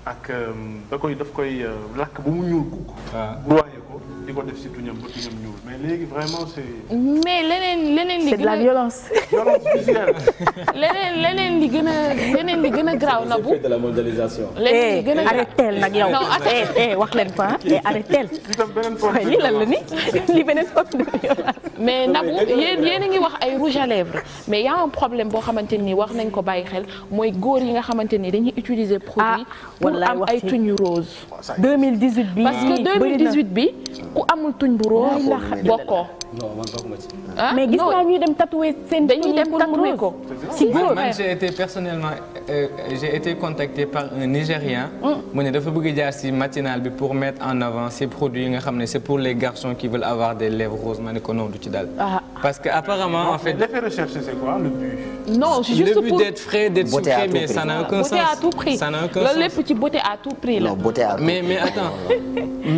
ak euh, da koy daf koy euh, lakk bu mu ñuul kukk. Ah. ko di ko def si tuñam ba tuñam ñuul mais léegi vraiment c' est. mais leneen leneen li gën a c' est de la violence. <laughs> violence visuelle. leneen leneen li gën a leneen li gën a graaw na bu. c' est de la mondialisation. leneen li eh, gën a eh, arrêté nag yow. non arrêté eh, wax leen ko ah arrêté. itam beneen forme de violence lii lan la ni <laughs> lii beneen forme de violence. mais nabu yéen yéen a ngi wax ay rouge à lèvres mais y' a un problème boo xamante ni wax nañ ko bàyyi xel mooy góor yi nga xamante ni dañuy utiliser produit. ah wallaay wax ci pour am ay tuñu rose. 2018 bi parce que 2018 bi. ku amul tuñ bu rose ah, bokkoo ah, mais gis naa euh, par un Nigérien mm. mu ne dafa bëgg jaar si matinale bi pour mettre en avant ces produits yi nga xam c'est pour les garçons qui veulent avoir des lèvres roses ma non du ci ah. parce que apparemment en fait l'effet recherché c'est quoi le but non c'est juste pour le but d'être frais d'être sucré mais ça n'a aucun sens ça n'a aucun sens loolu lépp ci beauté à tout prix la mais mais attends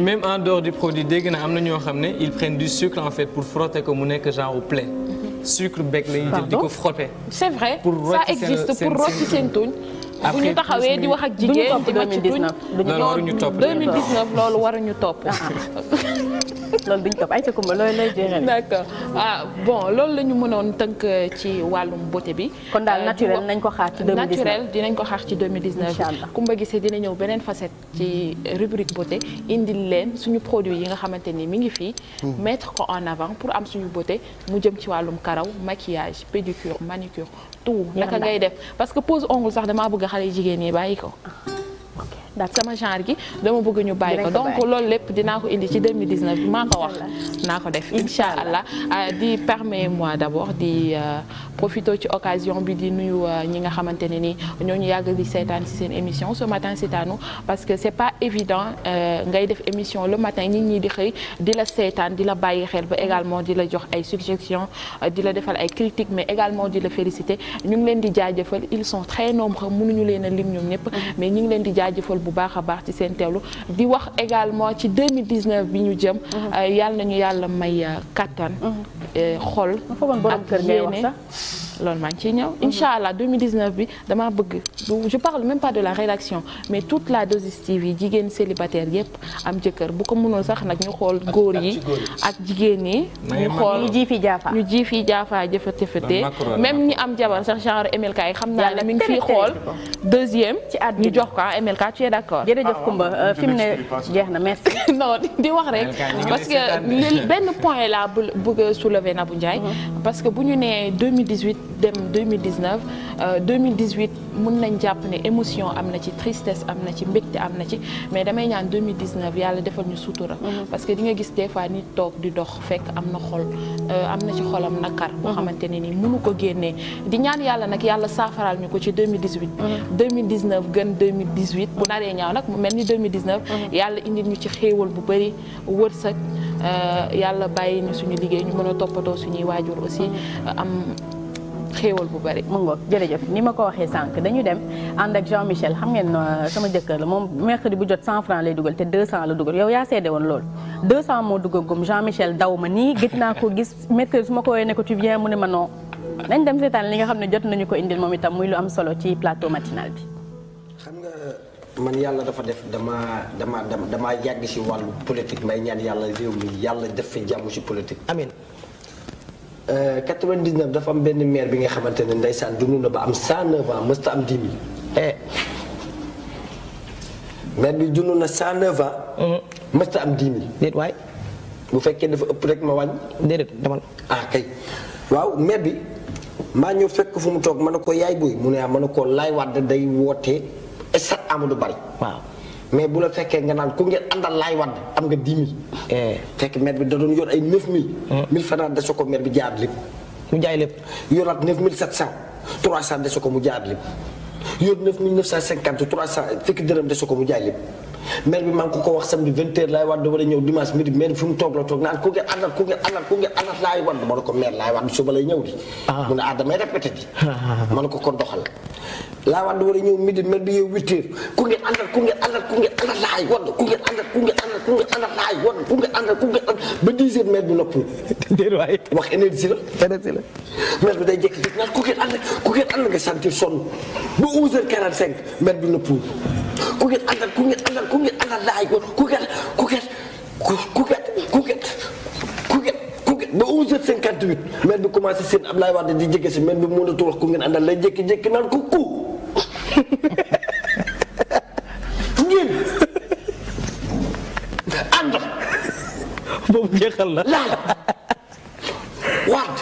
même en dehors produit dégg na am na ñoo xam ne ils prennent du sucre en fait pour frotter ko mu nekk genre plaie. Mhm. sucre beeg la ñuy jël di ko frotter. c'est vrai ça existe pour rôti seen tuñ bu ñu taxawee di wax ak jigéen di màcc tuñ duñu topp 2019 <laughs> loolu waruñu topp ah. <laughs> loolu duñ topp ay ca kumba loolu lay jeexal d'accord ah bon loolu la ñu mënoon tënk euh, ci wàllum beauté bi kon daal euh, naturel nañ ko xaar ci 2019 naturel dinañ ko xaar ci 2019 kumba gisee dina ñëw beneen facette ci rubrique beauté indil leen suñu produit yi nga xamante ni mi ngi fii hmm. mettre ko en avant pour am suñu beauté mu jëm ci wàllum karaw maquillage pédicure manucure tout naka ngay def parce que pose ongle sax damaa bëgg xale jigéen ñi bàyyi ko ah. ndax sama genre gi dama bëgg ñu bàyyi ko donc loolu lépp dinaa ko indi ci 2019 bi maa ko wax naa ko def incha allah ah, di permet moi d'abord di euh, profito ci occasion bi di nuyu euh, ñi nga xamante ne ni ñooñu yàgg di seetaan ci seen émission ce matin seetaanu parce que c'est pas évident euh, ngay def émission le matin nit ñi di xëy di la seetaan di la bàyyi xel ba également di la jox ay suggestions di la defal ay critiques mais également di la féliciter ñu ngi leen di jaajëfal ils sont très nombreux a lim ñoom ñëpp mm-hmm. mais ñu ngi leen di jaajëfal bu baax a baax ci seen teewlu di wax également ci 2019 bi ñu jëm. Mhm. Euh, yàlla nañu yàlla may euh, kattan. Mhm. Euh, xol ak yéene loolu maa ngi ciy ñëw incha allah bi damaa bëgg je parle même pas de la rédaction mais toute la 2STV yi jigéen célibataire yépp am jëkkër bu ko mënul sax nag ñu xool góor yi ak jigéen yi ñu xool ñu ji fi jaafa ñu ji fi jaafa jëfa tëfate même ñi am jabar sax genre MLK yi xam naa ne mi ngi fiy xool deuxième ci at ñu jox ko ah, MLK tu es d'accord jërëjëf Koumba ah, ah, euh, fi mu ne jeex na merci <laughs> non di wax rek parce que benn point la bëgg a na Nabou Ndiaye mm-hmm. parce que bu ñu dem 2019 2018 euh, mun nañ jàpp ne émotion am na ci tristesse am na ci mbégte am na ci mais damay ñaan 2019 yàlla defal ñu sutura. Mhm. parce que dinga nga gis des ni nit toog di dox fekk am na xol euh, am na ci xolam nakar boo mhm. xamante ne ni mënu ko génnee di ñaan yàlla nag yàlla saafaraal ñu ko ci 2018. 2019 mhm. gën 2018 bu naree ñaaw nag mu mel ni 2019. yàlla indil ñu ci xéewal bu bëri wërsëg euh, yàlla bàyyi ñu suñu liggéey ñu mën a toppatoo suñuy waajur aussi am. xéewal bu bari mu ngoog jërëjëf ni ma ko waxee sànq dañu dem ànd ak Jean Michel xam ngeen euh, sama jëkkër la moom mercredi bu jot 100 francs lay dugal te 200 la dugal yow yaa seede woon loolu 200 moo dugagum Jean Michel daw ma nii gëj naa ko gis mercredi su ma ko woowee ko tu viens mu ne ma no nañ dem seetaan li nga xam ne jot nañu ko indil moom itam muy lu am solo ci plateau matinal bi. xam nga man yàlla dafa def damaa damaa damaa yàgg si wàllu politique may ñaan yàlla réew def fi jàmm 99 euh, dafa am benn maire bi nga xamante ne ndeysaan dund na ba am 109 ans am 10 000 eh maire bi mm. mësta am 10 déet waay. bu fekkee dafa ëpp rek ma wàññi. déedéet demal ah kay waaw maire bi maa ñëw fekk fu mu toog mën na ko yaay buy mu ne ah mën na koo laay waat day woote estat Amadou Barry waaw. mais bu la fekkee nga naan ku ngeen àndal laay wadd am nga 10 000. Eh, fekk maire bi da doon yor ay 9000. 1000 fanaan dese ko bi jaar lépp. mu jaay lépp yoraat 9700 300 dese ko mu jaar lépp. yor 9950 300 fekk dërëm dese ko mu jaay lépp. maire bi maa ko ko wax samedi 20h laay wadd war a ñëw dimanche midi maire bi fu mu toog la toog naan ku ngeen àndal ku ngeen àndal ku ngeen àndal laay wadd ma ne ko maire laay wadd suba lay ñëw di. Ah. mu ne ah damay répété di. <laughs> ma ne ko kon doxal. laa wadd war a ñëw midi mel bi yow huit heures ku ngeen àndal ku ngeen àndal ku ngeen àndal laay wadd ku ngeen àndal ku ngeen àndal laay wadd ku ngeen àndal ku ngeen àndal ba dix bi noppi déet waay wax énergie la la mel bi day jékki-jékki naan ku ngeen àndal ku ngeen bi noppi ku ngeen àndal ku ngeen àndal ku laay wadd ku ngeen ku ngeen ku ngeen ku ngeen ba 11h58 maire bi commencé seen Ablaye Wade di jege si maire bi mënatu wax ku ngeen àndal lay jékki-jékki naan ko ku. ngeen ànd. boobu jeexal na laal waat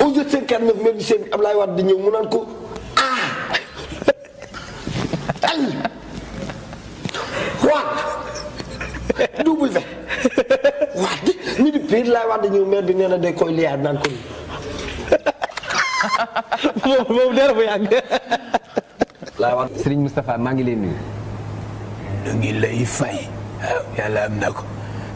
11 bi seen Ablaye Wade di ñëw mu naan ko ah waat double V waat. ñu di biir laay wax dañu maire bi nee de koy liyaar naan ko moom moom bu yàgg. laay wax maa ngi leen nuyu. ñu ngi lay fay. waaw yàlla am na ko.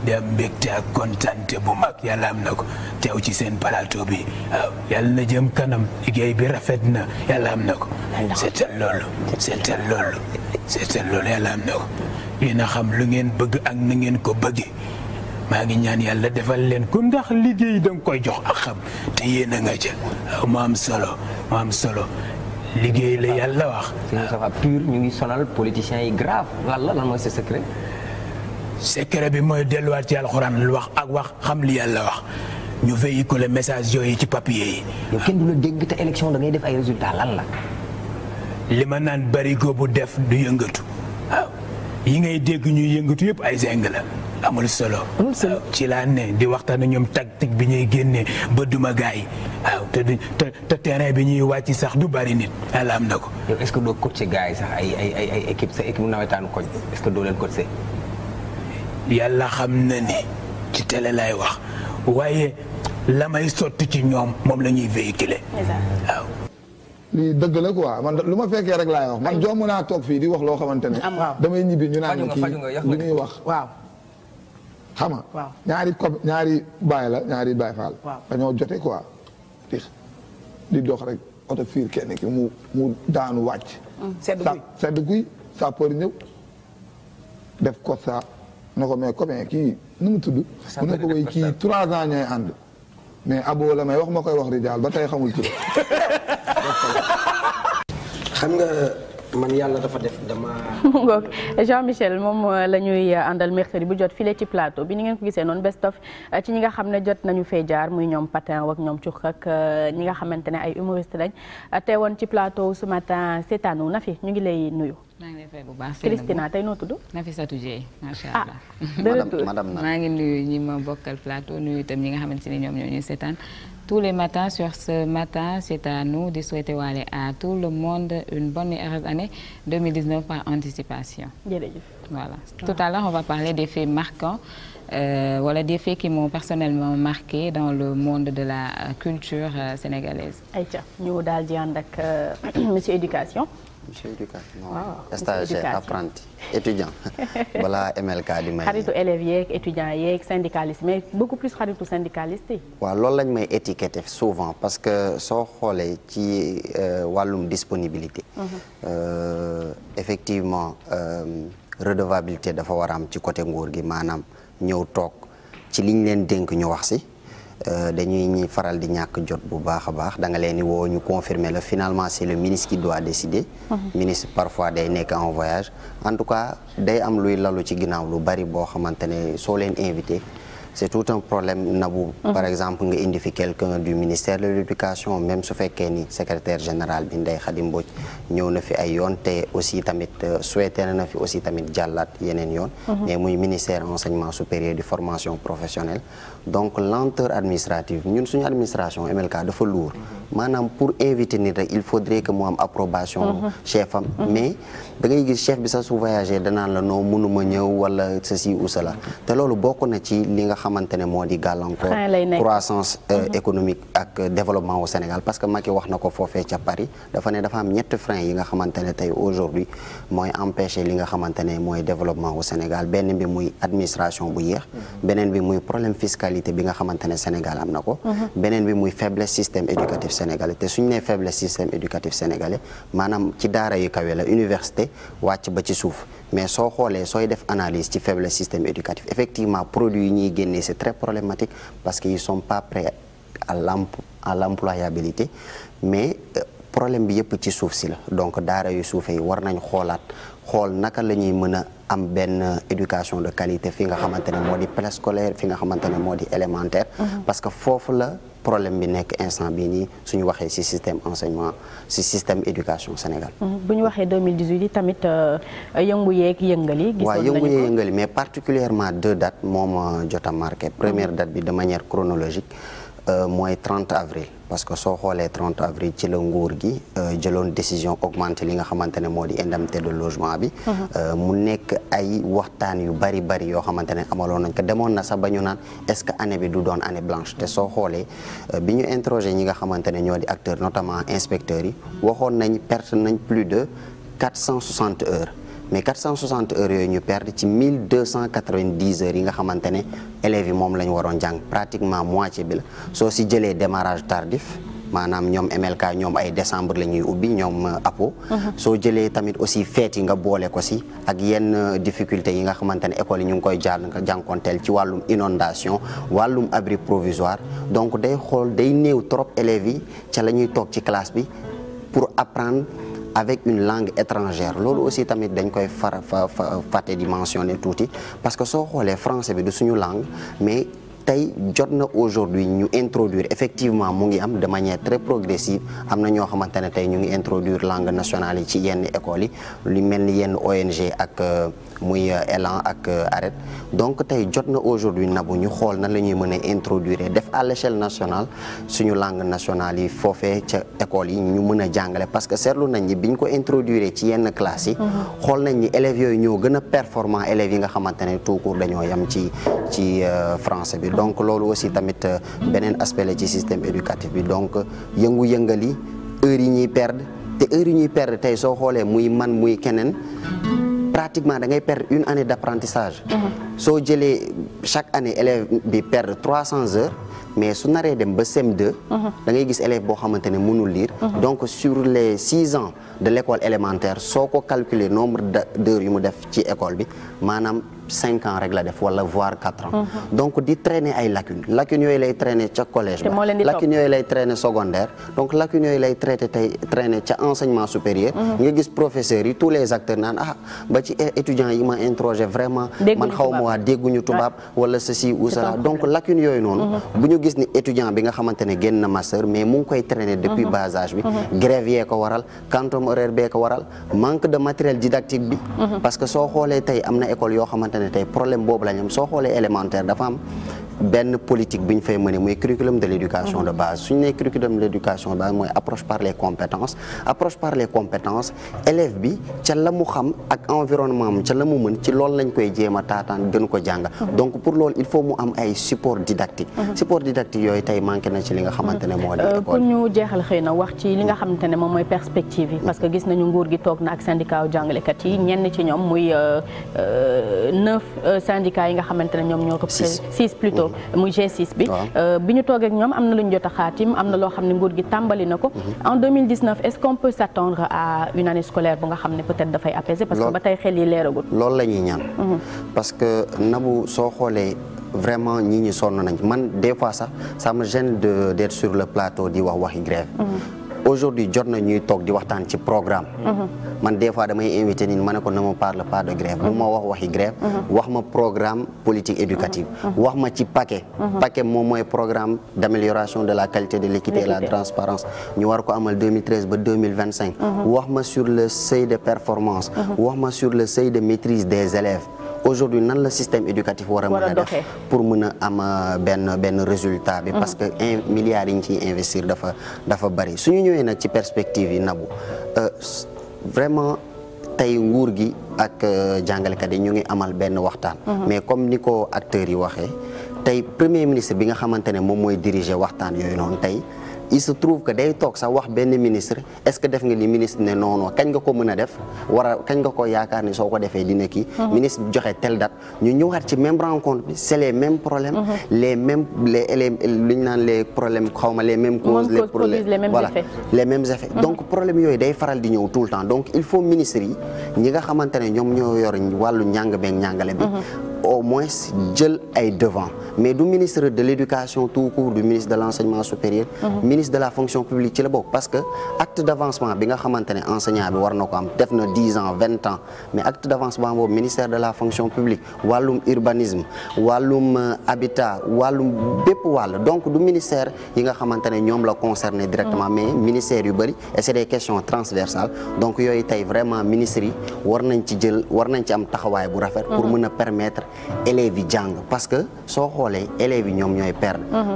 di am mbégte ak kontante bu mag yàlla am na ko teew ci seen palaato bi waaw yàlla na jëm kanam liggéey bi rafet na yàlla am na ko. seetal loolu seetal loolu seetal loolu yàlla am na ko. yéen a xam lu ngeen bëgg ak na ngeen ko bëggee. maa ngi ñaan yàlla defal leen ku ndax liggéey danga koy jox ak xam te yéen a nga ca mu am solo mu solo liggéey la yàlla wax. waaw pur ngi sonal politiciens yi grave lan la secret. bi mooy delluwaat ci alxuraan lu wax ak wax xam li yàlla wax. ñu ko véhiculer message yooyu ci papier yi. yow kenn du la dégg te élection da def ay résultat lan la. li ma naan barigo bu def du yëngatu. Ah. yi ngay dégg ñuy yëngatu yëpp ay zeng la. amul solo. amul solo ci laa ne di waxtaan ñoom tactique bi ñuy génnee ba duma gars yi waaw te du te terrain bi ñuy ci sax du bari nit yàlla am na ko. yow est que doo coacher gars yi sax sa équipe nawetaan koñ est-ce que doo leen coacher. yàlla xam na ni ci télé lay wax waaye la may sotti ci ñoom moom la ñuy véhiculer. waaw. lii dëgg la quoi man lu ma fekkee rek laay wax man jom naa toog fii di wax loo xamante damay ñibbi ñu naan kii li ñuy wax xam nga waaw ñaari ko ñaari baay la ñaari baay faal. waaw dañoo jote quoi. di di dox rek oto fiir kenn ki mu mu daanu wàcc. Mm, sedd guy sedd guy saa ñëw def ko saa ne ko mais copain kii nu mu tudd. mu ne ko way kii trois ans ñooy ànd. mais abo la may wax ma koy wax rijaal ba tey xamul turam. <laughs> xam nga. man yàlla dafa def dama. <laughs> ngoog Jean Michel moom euh, la ñuy euh, àndal mercredi bu jot file ci plateau bi ni ngeen ko gisee noonu best of euh, ci ñi nga xam ne jot nañu fee jaar muy ñoom patin wak ñoom cuq ak ñi nga xamante ne ay humoriste lañ teewoon ci plateau ce matin seetaanu na fi ñu ngi lay nuyu. maa ngi lay fay bu baax Christina tey noo tudd. Nafissatou Dieye macha ah, allah. ah madame madame maa ngi nuyu ñi ma bokkal plateau nuyu itam ñi nga xamante ni ñoom ñoo ñuy seetaan. tous les matins sur ce matin c'est à à tout le monde une bonne et heureuse année 2019 par des faits marquants euh, voilà des faits qui m'ont personnellement marqué le monde de la euh, culture euh, sénégalaise. daal di ànd ak euh, <clears throat> monsieur éducation. monsieur éducateur non ah, stagiaire apprenti étudiant <laughs> balaa MLK di yeeg étudiants yeeg syndicalistes mais beaucoup plus xaritu syndicalistes yi. waaw loolu lañ may étiqueter souvent parce que soo xoolee ci euh, wàllum disponibilité. Mhm. Euh, effectivement euh, redevabilité dafa war a am ci côté nguur gi maanaam ñëw toog ci liñ leen dénk ñu wax si. Euh, dañuy ñi faral di ñàkk jot bu baax a baax da nga leen di woo ñu confirmer la finalement c'est le ministre qui doit décider. ministre parfois day nekk en voyage en tout cas day am luy lalu ci ginnaaw lu bari boo xamante ne soo leen invité. c'est tout un problème Nabou mhm. par exemple nga indi fi quelqu'un du ministère de l'éducation même su fekkee ni secrétaire général bi Ndeye Khady Mbodj ñëw na fi ay yoon te aussi tamit euh, souhaité na fi aussi tamit jàllaat yeneen yoon mhm. mais muy ministère enseignement supérieur de formation professionnelle donc lenteur administrative ñun suñu administration MLK dafa lourd mhm. maanaam pour inviter nit rek il faudrait que mu am approbation chef am mais da ngay gis chef bi sax su voyager danaan la noo xamante ne moo di gàllankoor croissance euh, mhm. économique ak développement au Sénégal parce que Macky wax na ko foofee ca Paris dafa ne dafa am ñett frein yi nga xamante ne tey aujourd'hui mooy empêcher li nga xamante ne mooy développement au Sénégal benn bi muy administration bu yéex mhm. beneen bi muy problème fiscalité bi nga xamante ne Sénégal am na ko mhm. beneen bi muy faiblesse système éducatif sénégalais te suñ ne faiblesse système éducatif sénégalais maanaam ci daara yu kawe la université wàcc ba ci suuf mais soo xoolee sooy def analyse ci faible système éducatif effectivement produits yi ñuy génnee c'est très problématique parce que ils sont pas prêts à à l'employabilité mais euh, problème bi yëpp ci suuf si la donc daara yu suufe yi war nañ xoolaat xool naka la ñuy mën a am benn éducation de qualité fi nga xamante ne moo di préscolaire fi nga xamante ne moo di élémentaire mm-hmm. parce que foofu la problème bi nekk instant bii nii suñu waxee ci système enseignement ci système éducation Sénégal. Mhm. bu ñu waxee 2018 tamit euh, yëngu yeeg yëngali. gisoon waaw yëngu yeeg yëngali mais particulièrement deux dates moom euh, jot a marqué première mhm. date bi de manière chronologique. Euh, mooy 30 avril parce que soo xoolee 30 avril ci la nguur gi euh, jëloon décision augmenter li nga xamante ne moo di indemnité de logement bi. Mhm. Euh, mu nekk ay waxtaan yu bari bari yoo xamante ne amaloon nañ ko demoon na sax ba ñu naan est-ce que année bi du doon année blanche te soo xoolee bi ñu interroger ñi nga xamante ne ñoo di acteurs notamment inspecteurs yi waxoon nañ perte nañ plus de 460 heures. mais 460 heures yooyu ñu perdre ci 1290 heures yi nga xamante ne élèves yi moom la ñu waroon jàng pratiquement moitié bi la soo si jëlee démarrage tardif maanaam ñoom MLK ñoom ay décembre la ñuy ubbi ñoom euh, apo mhm. soo jëlee tamit aussi feet nga boole ko si ak yenn euh, difficultés yi nga xamante ne école yi ñu ngi koy jàll jànkonteel ci wàllum inondation wàllum abri provisoire donc day xool day néew trop élèves yi ca la ñuy toog ci classe bi pour apprendre avec une langue étrangère loolu aussi tamit dañ koy far fa fàtte di mentionner tuuti parce que soo xoolee français bi du suñu langue mais tey jot na aujourd'hui ñu introduire effectivement mu ngi am de manière très progressive am na ñoo xamante ne tey ñu ngi introduire langue nationale yi ci yenn écoles yi lu mel ni yenn ONG ak euh, muy euh, élan ak euh, arrêt donc tey jot na aujourd'hui nabu ñu xool nan la ñuy mën a introduire def à l'échelle nationale suñu langue nationale yi foofee ca école yi ñu mën a jàngale parce que seetlu nañ ñi bi ñu ko introduire ci yenn classes yi mhm. xool nañ ni élèves yooyu ñoo gën a performant élèves yi nga xamante ne tout court dañoo yam ci ci euh, français bi donc loolu aussi tamit beneen aspect la ci système éducatif bi donc yëngu-yëngal yi heures yi ñuy perdre te heures yi ñuy perdre tey soo xoolee muy man muy keneen pratiquement da ngay perdre une année d' apprentissage. Mhm. soo jëlee chaque année élève bi perdre trois cents heures. mais su naree dem ba CM2. Mhm. da ngay gis élève boo xamante ne munul lire. Mhm. donc sur les six ans de lécole élémentaire soo ko calculer nombre d' heures yu mu def ci école bi cinq ans rek def wala voire quatre ans. Mhm. donc di traîner ay lacunes lacunes yooyu lay traîner ca collège ba. lacunes yooyu lay traîner ca enseignement supérieur. Mhm. nga gis professeurs yi tous les acteurs naan ah ba ci e-, étudiants yi ma interroger vraiment. man xaw ma waa dégguñu tubaab ah. wala ceci ou cela donc lacunes yooyu noonu. Mhm. bu ñu gis ni étudiant bi nga xamante ne génn na master mais mu ngi koy traîner depuis bas bi. grève yee ko waral quantum bee ko waral manque de matériel didactique bi. parce que soo xoolee tey am na ne tey problème boobu la ñoom soo xoolee élémentaire dafa am bi ñu fay mëne muy curriculum de l'éducation de base suñu nee curriculum de l'éducation de base mooy approche par les compétences approche par les compétences élève bi ca mu xam ak environnement am ca la mu mën ci loolu lañ koy jéem a taataan gën ko jàng mhm. donc pour loolu il faut mu am ay support didactique mhm. support didactique yooyu tey manqué na ci li nga xamante ne moo di euh, école pour ñu jeexal xëy na wax ci li nga xamante ne moom mooy perspective yi parce que gis nañu nguur gi toog na ak syndicat jàngalekat yi neuf euh, syndicats yi nga xamante ne ñoom ñoo ko. six plutôt mhm. muy G6 bi. Euh, bi ñu toog ñoom am na lu jot a xaatim am na loo xam ne nguur gi tàmbali na ko. Mhm. en 2019 est-ce qu'on peut s'attendre à une année scolaire bu nga xam ne peut-être dafay apaiser. parce que ba tey xel yi leeragul. loolu ñaan. Mhm. parce que nabu soo xoolee. vraiment ñi ñi sonn nañ man des fois sax ça me de d'être sur le plateau di wax waxi grève aujourd'hui jot na ñuy toog di waxtaan ci programme mhm. man des fois damay invité nit ma ne ko ne me parle pas de grève bu mhm. ma wax waxi grève mhm. wax ma programme politique éducative wax ma ci paquet paquet moom mooy programme d'amélioration de la qualité de l'équité et la transparence ñu war ko amal 2013 ba 2025 wax ma sur le seuil de performance wax ma sur le seuil de maîtrise des élèves aujourd'hui nan la système éducatif war a mën a def pour mën a am euh, benn benn résultat bi mhm. parce que milliards yi ñu ciy investir dafa dafa bari suñu ñëwee nag ci perspective yi nabu euh, vraiment tey nguur gi ak euh, jàngalekat yi ñu ngi amal benn waxtaan mhm. mais comme ni ko acteurs yi waxee tey premier ministre bi nga xamante ne moom mooy diriger waxtaan yooyu noonu tey il se trouve que day toog sax wax benn ministre est-ce que def nga li ministre ne non non kañ nga ko mën a def war a kañ nga ko yaakaar ne soo ko defee dina kii. Mhm. ministre bi joxe tel dat ñu ñëwaat ci même rencontre bi c'est les mêmes problèmes. Mhm. les mêmes les les lu ñu naan les problèmes xaw ma les mêmes causes. les problèmes les les mêmes effets. Mhm. donc problème yooyu day faral di ñëw tout le temps donc il faut ministres yi ñi nga xamante ne ñoom ñoo yor wàllu njàng beeg njàngale bi. au moins jël ay devant mais du ministre de l'éducation tout court du ministre de l'enseignement supérieur mhm. ministre de la fonction publique ci la bokk parce que acte d'avancement bi nga xamante ne enseignant bi war na ko am def na dix ans vingt ans mais acte d'avancement boobu ministère de la fonction publique wàllum urbanisme wàllum euh, habitat wàllum bépp wàll donc du ministère yi nga xamante ne ñoom la concerné directement mhm. mais ministère yu bëri et c'est des questions transversales donc yooyu tey vraiment yi war nañ ci jël war nañ ci am taxawaay bu rafet pour mhm. mën permettre élèves yi jàng parce que soo xoolee élèves yi ñoom ñooy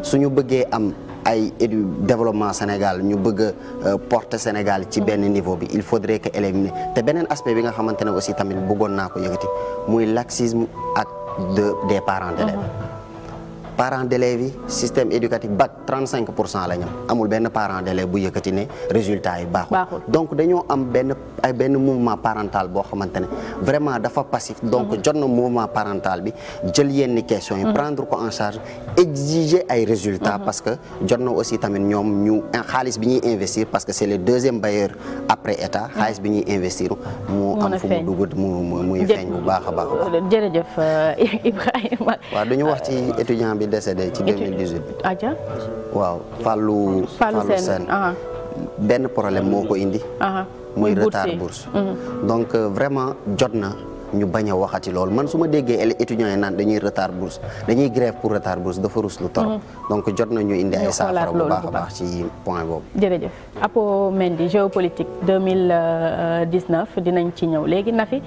su ñu bëggee am ay édu développement Sénégal ñu bëgg porte euh, porter Sénégal ci benn niveau bi il faudrait que élèves ne te beneen aspect bi nga xamante ne aussi tamit bëggoon naa ko yëkkati muy laxisme ak de des parents d'élèves parents d'élèves yi système éducatif bac 35 pour cent la ñu am amul benn parent d'élève bu yëkkati ne résultat yi baaxul donc dañoo am benn mouvement parental boo xamante ne vraiment dafa passif donc mhm. jot na mouvement parental bi jël yenn question yi mhm. prendre ko en charge exiger ay résultats mhm. parce que jot na aussi tamit ñoom ñu xaalis bi ñuy investir parce que c'est le deuxième bailleur après état xaalis bi ñuy investir mu am fu mu mu muy feeñ bu baax a baax jërëjëf euh, <laughs> dañu wax bi décédé ci 2018. Adja waaw Fallou. Fallou Sène benn problème moo ko indi. mooy retard bourse mhm. donc euh, vraiment jot na. ñu bañ a waxati loolu man su ma déggee étudiants yi naan dañuy retard bourse dañuy grève pour retard bourse dafa rus lu torop mhm. donc jot na ñu indi ay saafara bu baax a baax ci point boobu jërëjëf Apo Mendy géopolitique euh, dinañ ci ñëw léegi Nafi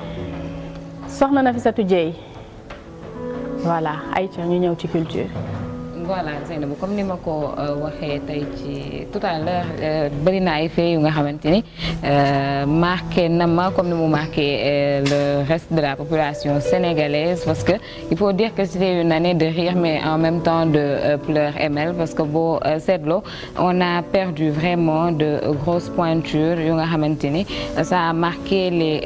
soxna Nafisatou Dieye voilà Aïcha ñu ñëw ci culture voilà Seynabou comme ni ma ko euh, waxee tey ci tout à l'heure euh, bëri na ay faits yu nga xamante ni euh, marqué na ma comme ni mu marqué le reste de la population sénégalaise parce que il faut dire que c'était une année de rire mais en même temps de pleurs ML parce que boo seetloo on a perdu vraiment de grosses pointures yu nga xamante ni ça a marqué les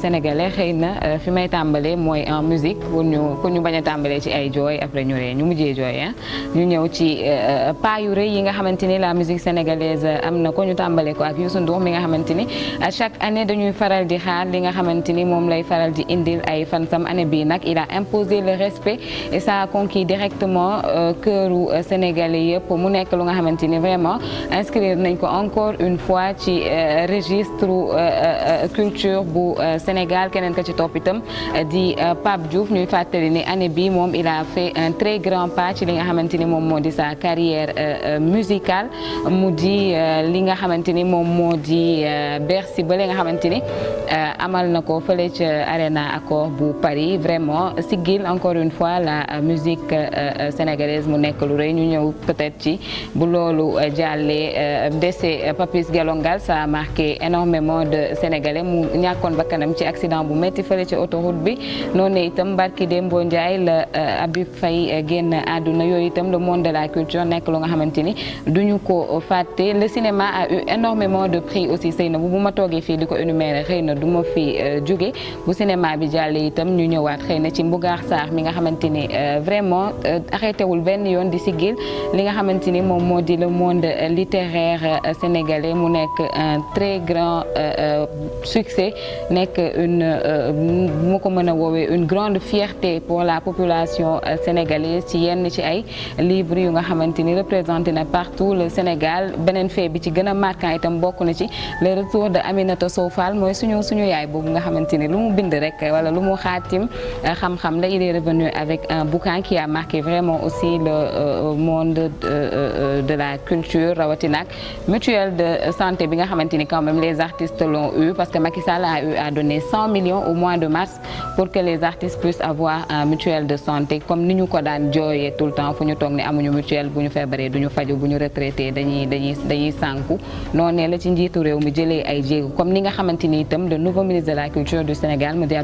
Sénégalais xëy na fi may tàmbalee mooy en musique pour ñu pour ñu a tàmbalee ci ay jooy après ñu ñu mujjee jooy ah ñu ñëw ci euh, pas yu yi nga xamante ni la musique sénégalaise euh, am na ko ñu tàmbale ko ak Youssou Ndour mi nga xamante ni chaque année dañuy faral di xaar li nga xamante ni moom lay faral di indil ay fansam année bii nag il a imposé le respect et ça a conquis directement këru euh, sénégalais yëpp mu nekk lu nga xamante ni vraiment inscrire nañ ko encore une fois ci registre culture bu Sénégal keneen ka ci topp di Pape Diouf ñuy fàttali ni année bi moom il a fait un très grand xamante ni moom moo di sa carrière euh, euh, musicale mu di euh, li nga xamante ni moom moo di Bercy ba li nga xamante ni amal na ko fële ca Arena bu Paris vraiment siggil encore une fois la musique sénégalaise mu nekk lu rëy ñu ñëw peut-être ci bu loolu jàllee décès Papis Gelongal sa a marqué énormément de Sénégalais mu ñàkkoon bakkanam ci accident bu métti fële ci autoroute bi noonu itam barki Dembo Ndiaye la Habib Faye génn àdduna yooyu itam le monde de la culture nekk lu nga xamante ni duñu ko fàtte le cinéma a eu énormément de prix aussi sëy na bu bu ma toogee fii di ko énumérer xëy na du ma fi euh, jóge bu cinéma bi jàllee itam ñu ñëwaat xëy na ci Mbougar saax mi nga xamante ni euh, vraiment euh, arrêté wul benn yoon di siggil li nga xamante ni moom moo di le monde littéraire sénégalais mu nekk un très grand succès nekk une mu ko mën a woowe une grande fierté pour la population sénégalaise ci yenn livre yu nga xamante ni représenté na partout le Sénégal beneen fee bi ci gën a marquant itam bokk na ci le retour de Aminata Sow Fall mooy suñu suñu yaay boobu nga xamante ni lu mu bind rek wala lu mu xaatim euh, xam-xam la il est revenu avec un bouquin qui a marqué vraiment aussi le euh, monde euh, de la culture rawatina ak mutuelle de santé bi nga xamante ni quand même les artistes l'ont eu parce que Macky Sall a à donner 100 au mois de mars pour que les artistes puissent de santé comme ni ñu ko daan jooyee tout le temps toog ne amuñu mutuelle bu ñu feebaree duñu faju bu ñu retraité dañuy dañuy dañuy sànku noonee la ci njiitu réew mi jëlee ay jéego comme ni nga xamante ni itam le nouveau ministre de la culture du Sénégal mu di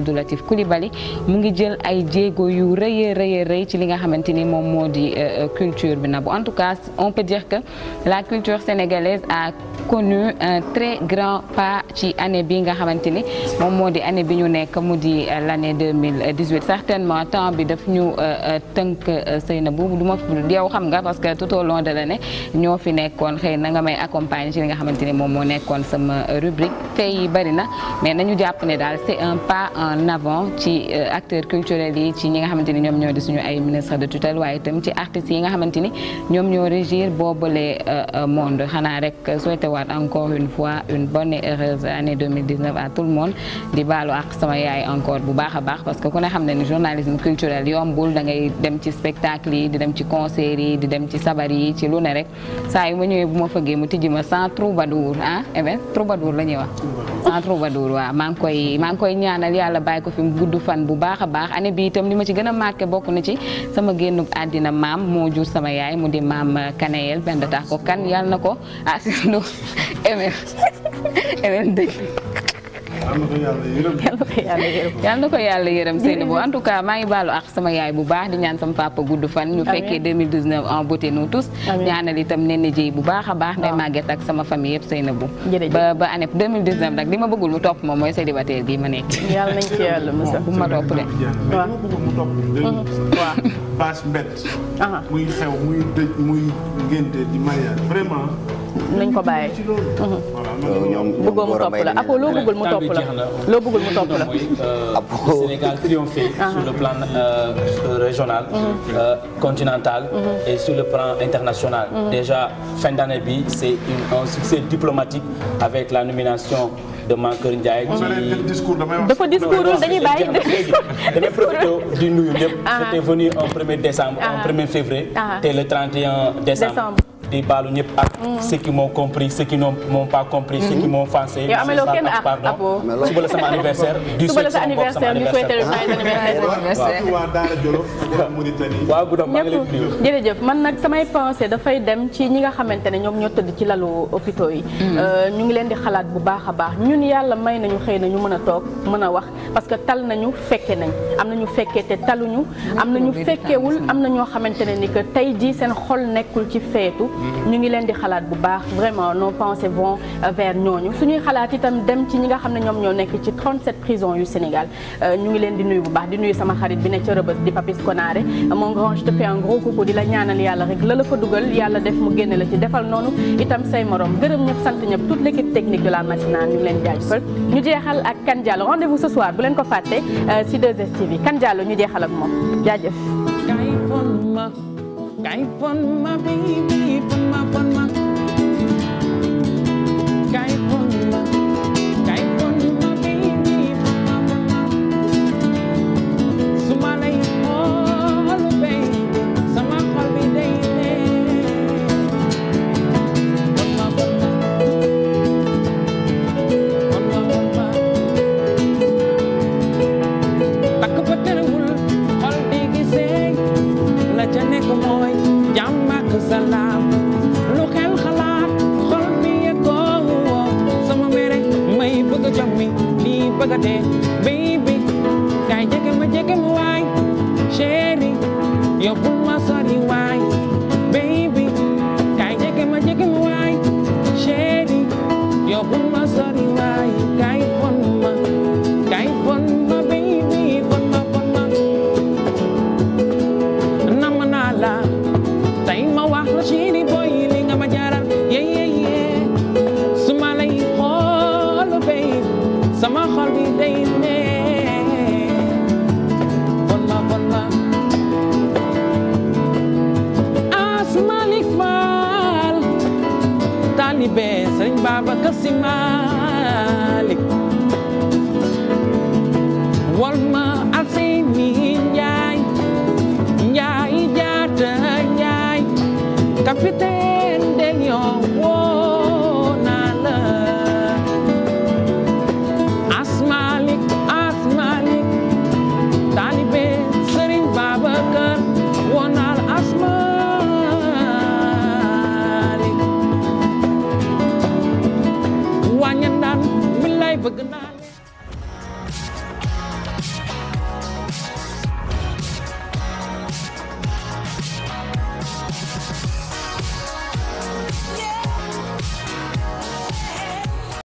mu ngi jël ay jéego yu rëy rëy rëy ci li nga xamante ni moom moo di euh, euh, culture bi na bu en tout cas on peut dire que la culture sénégalaise a connu un très grand pas ci année bi nga xamante ni moom moo di année bi ñu nekk mu di euh, l'année 2018 certainement temps bi daf ñu tënk sëy na boobu du ma yow xam nga parce que tout au long de l'année ñoo fi nekkoon xëy na may accompagner ci li nga xamante ni moom moo nekkoon sama rubrique fee yi bëri na ñu jàpp ne daal c'est un pas en avant ci euh, acteurs culturels yi ci ñi nga xamante ni ñoom ñoo di suñu ay ministre de tutelle waaye itam ci artistes yi nga xamante ni ñoom euh, euh, monde xanaa rek souhaité waat encore une fois une bonne et a année 2019 à tout le monde di baalu ak sama yaay encore bu baax a baax parce que ku ne xam ne ni journalisme culturel yombul da ngay dem ci spectacle concert yi di dem ci sabar yi ci lu ne rek saa yu ma ñëwee bu ma fëggee mu tijji ma sans troubadour ah eh bien troubadour la ñuy wax sans troubadour waaw maa ngi koy maa ngi koy ñaanal yàlla bàyyi ko fi mu gudd fan bu baax a baax année bi tam li ma ci gën a marqué bokk na ci sama génn àddina maam moo jur sama yaay mu di maam kanayel benn tax ko kan yàlla na ko ah sinon <laughs> emel emel dëgg yàlla na ko yàlla yërëm seen bu en tout cas maa ngi baalu ak sama yaay bu baax di ñaan sama papa gudd fan ñu fekkee 2019 en beauté nous tous ñaanal itam nenn jiy bu baax a baax nday màgget ak sama famille yëpp seen bu ba ba année 2019 nag li ma bëggul mu topp moom mooy célibataire gi ma nekk yàlla nañ ci yàlla musa bu ma topp de waaw passe mbett muy xew muy dëj muy ngénte di mariage vraiment nañ ko bàyyi. ñoom mu topp la Apo loo bëggul mu topp euh, Sénégal triomphé ah. sur le plan euh, régional. Mm-hmm. Euh, continental. Mm-hmm. et sur le plan international. Mm-hmm. déjà fin d'année bi c'est un succès diplomatique avec la nomination. de Mankeur Ndiaye ci discours dafa discours dañuy bàyyi damay profité di nuyu ñëpp ah. j'étais venu en 1 décembre en 1 ah. février te le décembre di baalu ñëpp ak. Mm. ceux qui m'ont compris ceux qui n'ont pas compris. ceux qui mm. m'ont offensé. yow ameloo kenn ak pardon suba la sama anniversaire. du suba la sa anniversaire ñu souhaité le joyeux anniversaire. Ah, waaw Daara Jolof Mauritanie. waaw guddoom maa ngi leen di nuyu. jërëjëf man nag samay pensée dafay dem ci ñi nga xamante ne ñoom ñoo tëdd ci lalu hôpitaux yi. Mm. Euh, ñu ngi leen di xalaat bu baax a baax ñun yàlla may nañu xëy na ñu mën a toog mën a wax parce que tal nañu fekke nañ am nañu fekkee te taluñu. am nañu fekkewul am na ñoo xamante ne ni que tey jii seen xol nekkul ci feetu ñu ngi leen di xalaat bu baax vraiment nos pensées vont vers ñooñu suñuy xalaat itam dem ci ñi nga xam ne ñoom ñoo nekk ci 37 prisons yu Sénégal euh, ñu ngi leen di nuyu bu baax di nuyu sama xarit bi ne ca Rëbës di Papis Konaré mon grand je te fais un di la ñaanal yàlla rek la la fa dugal yàlla def mu génne la ci defal noonu itam say moroom gërëm ñëpp sant ñëpp toute l'équipe technique de la matinale ñu ngi leen jaajëfal ñu ak Kane Diallo rendez-vous ce bu leen ko fàtte euh, ci 2STV Kane Diallo ñu jeexal ak moom jaajëf Guy fun my baby, fun my fun my. salaam lu xel xalaat xol bi yeggoo sama mere may bëgg a dee baby kaay jege ma jege ma waay Babacar Sy Malick wal ma Asimi Njaay Njaay jaata Njaay capitaine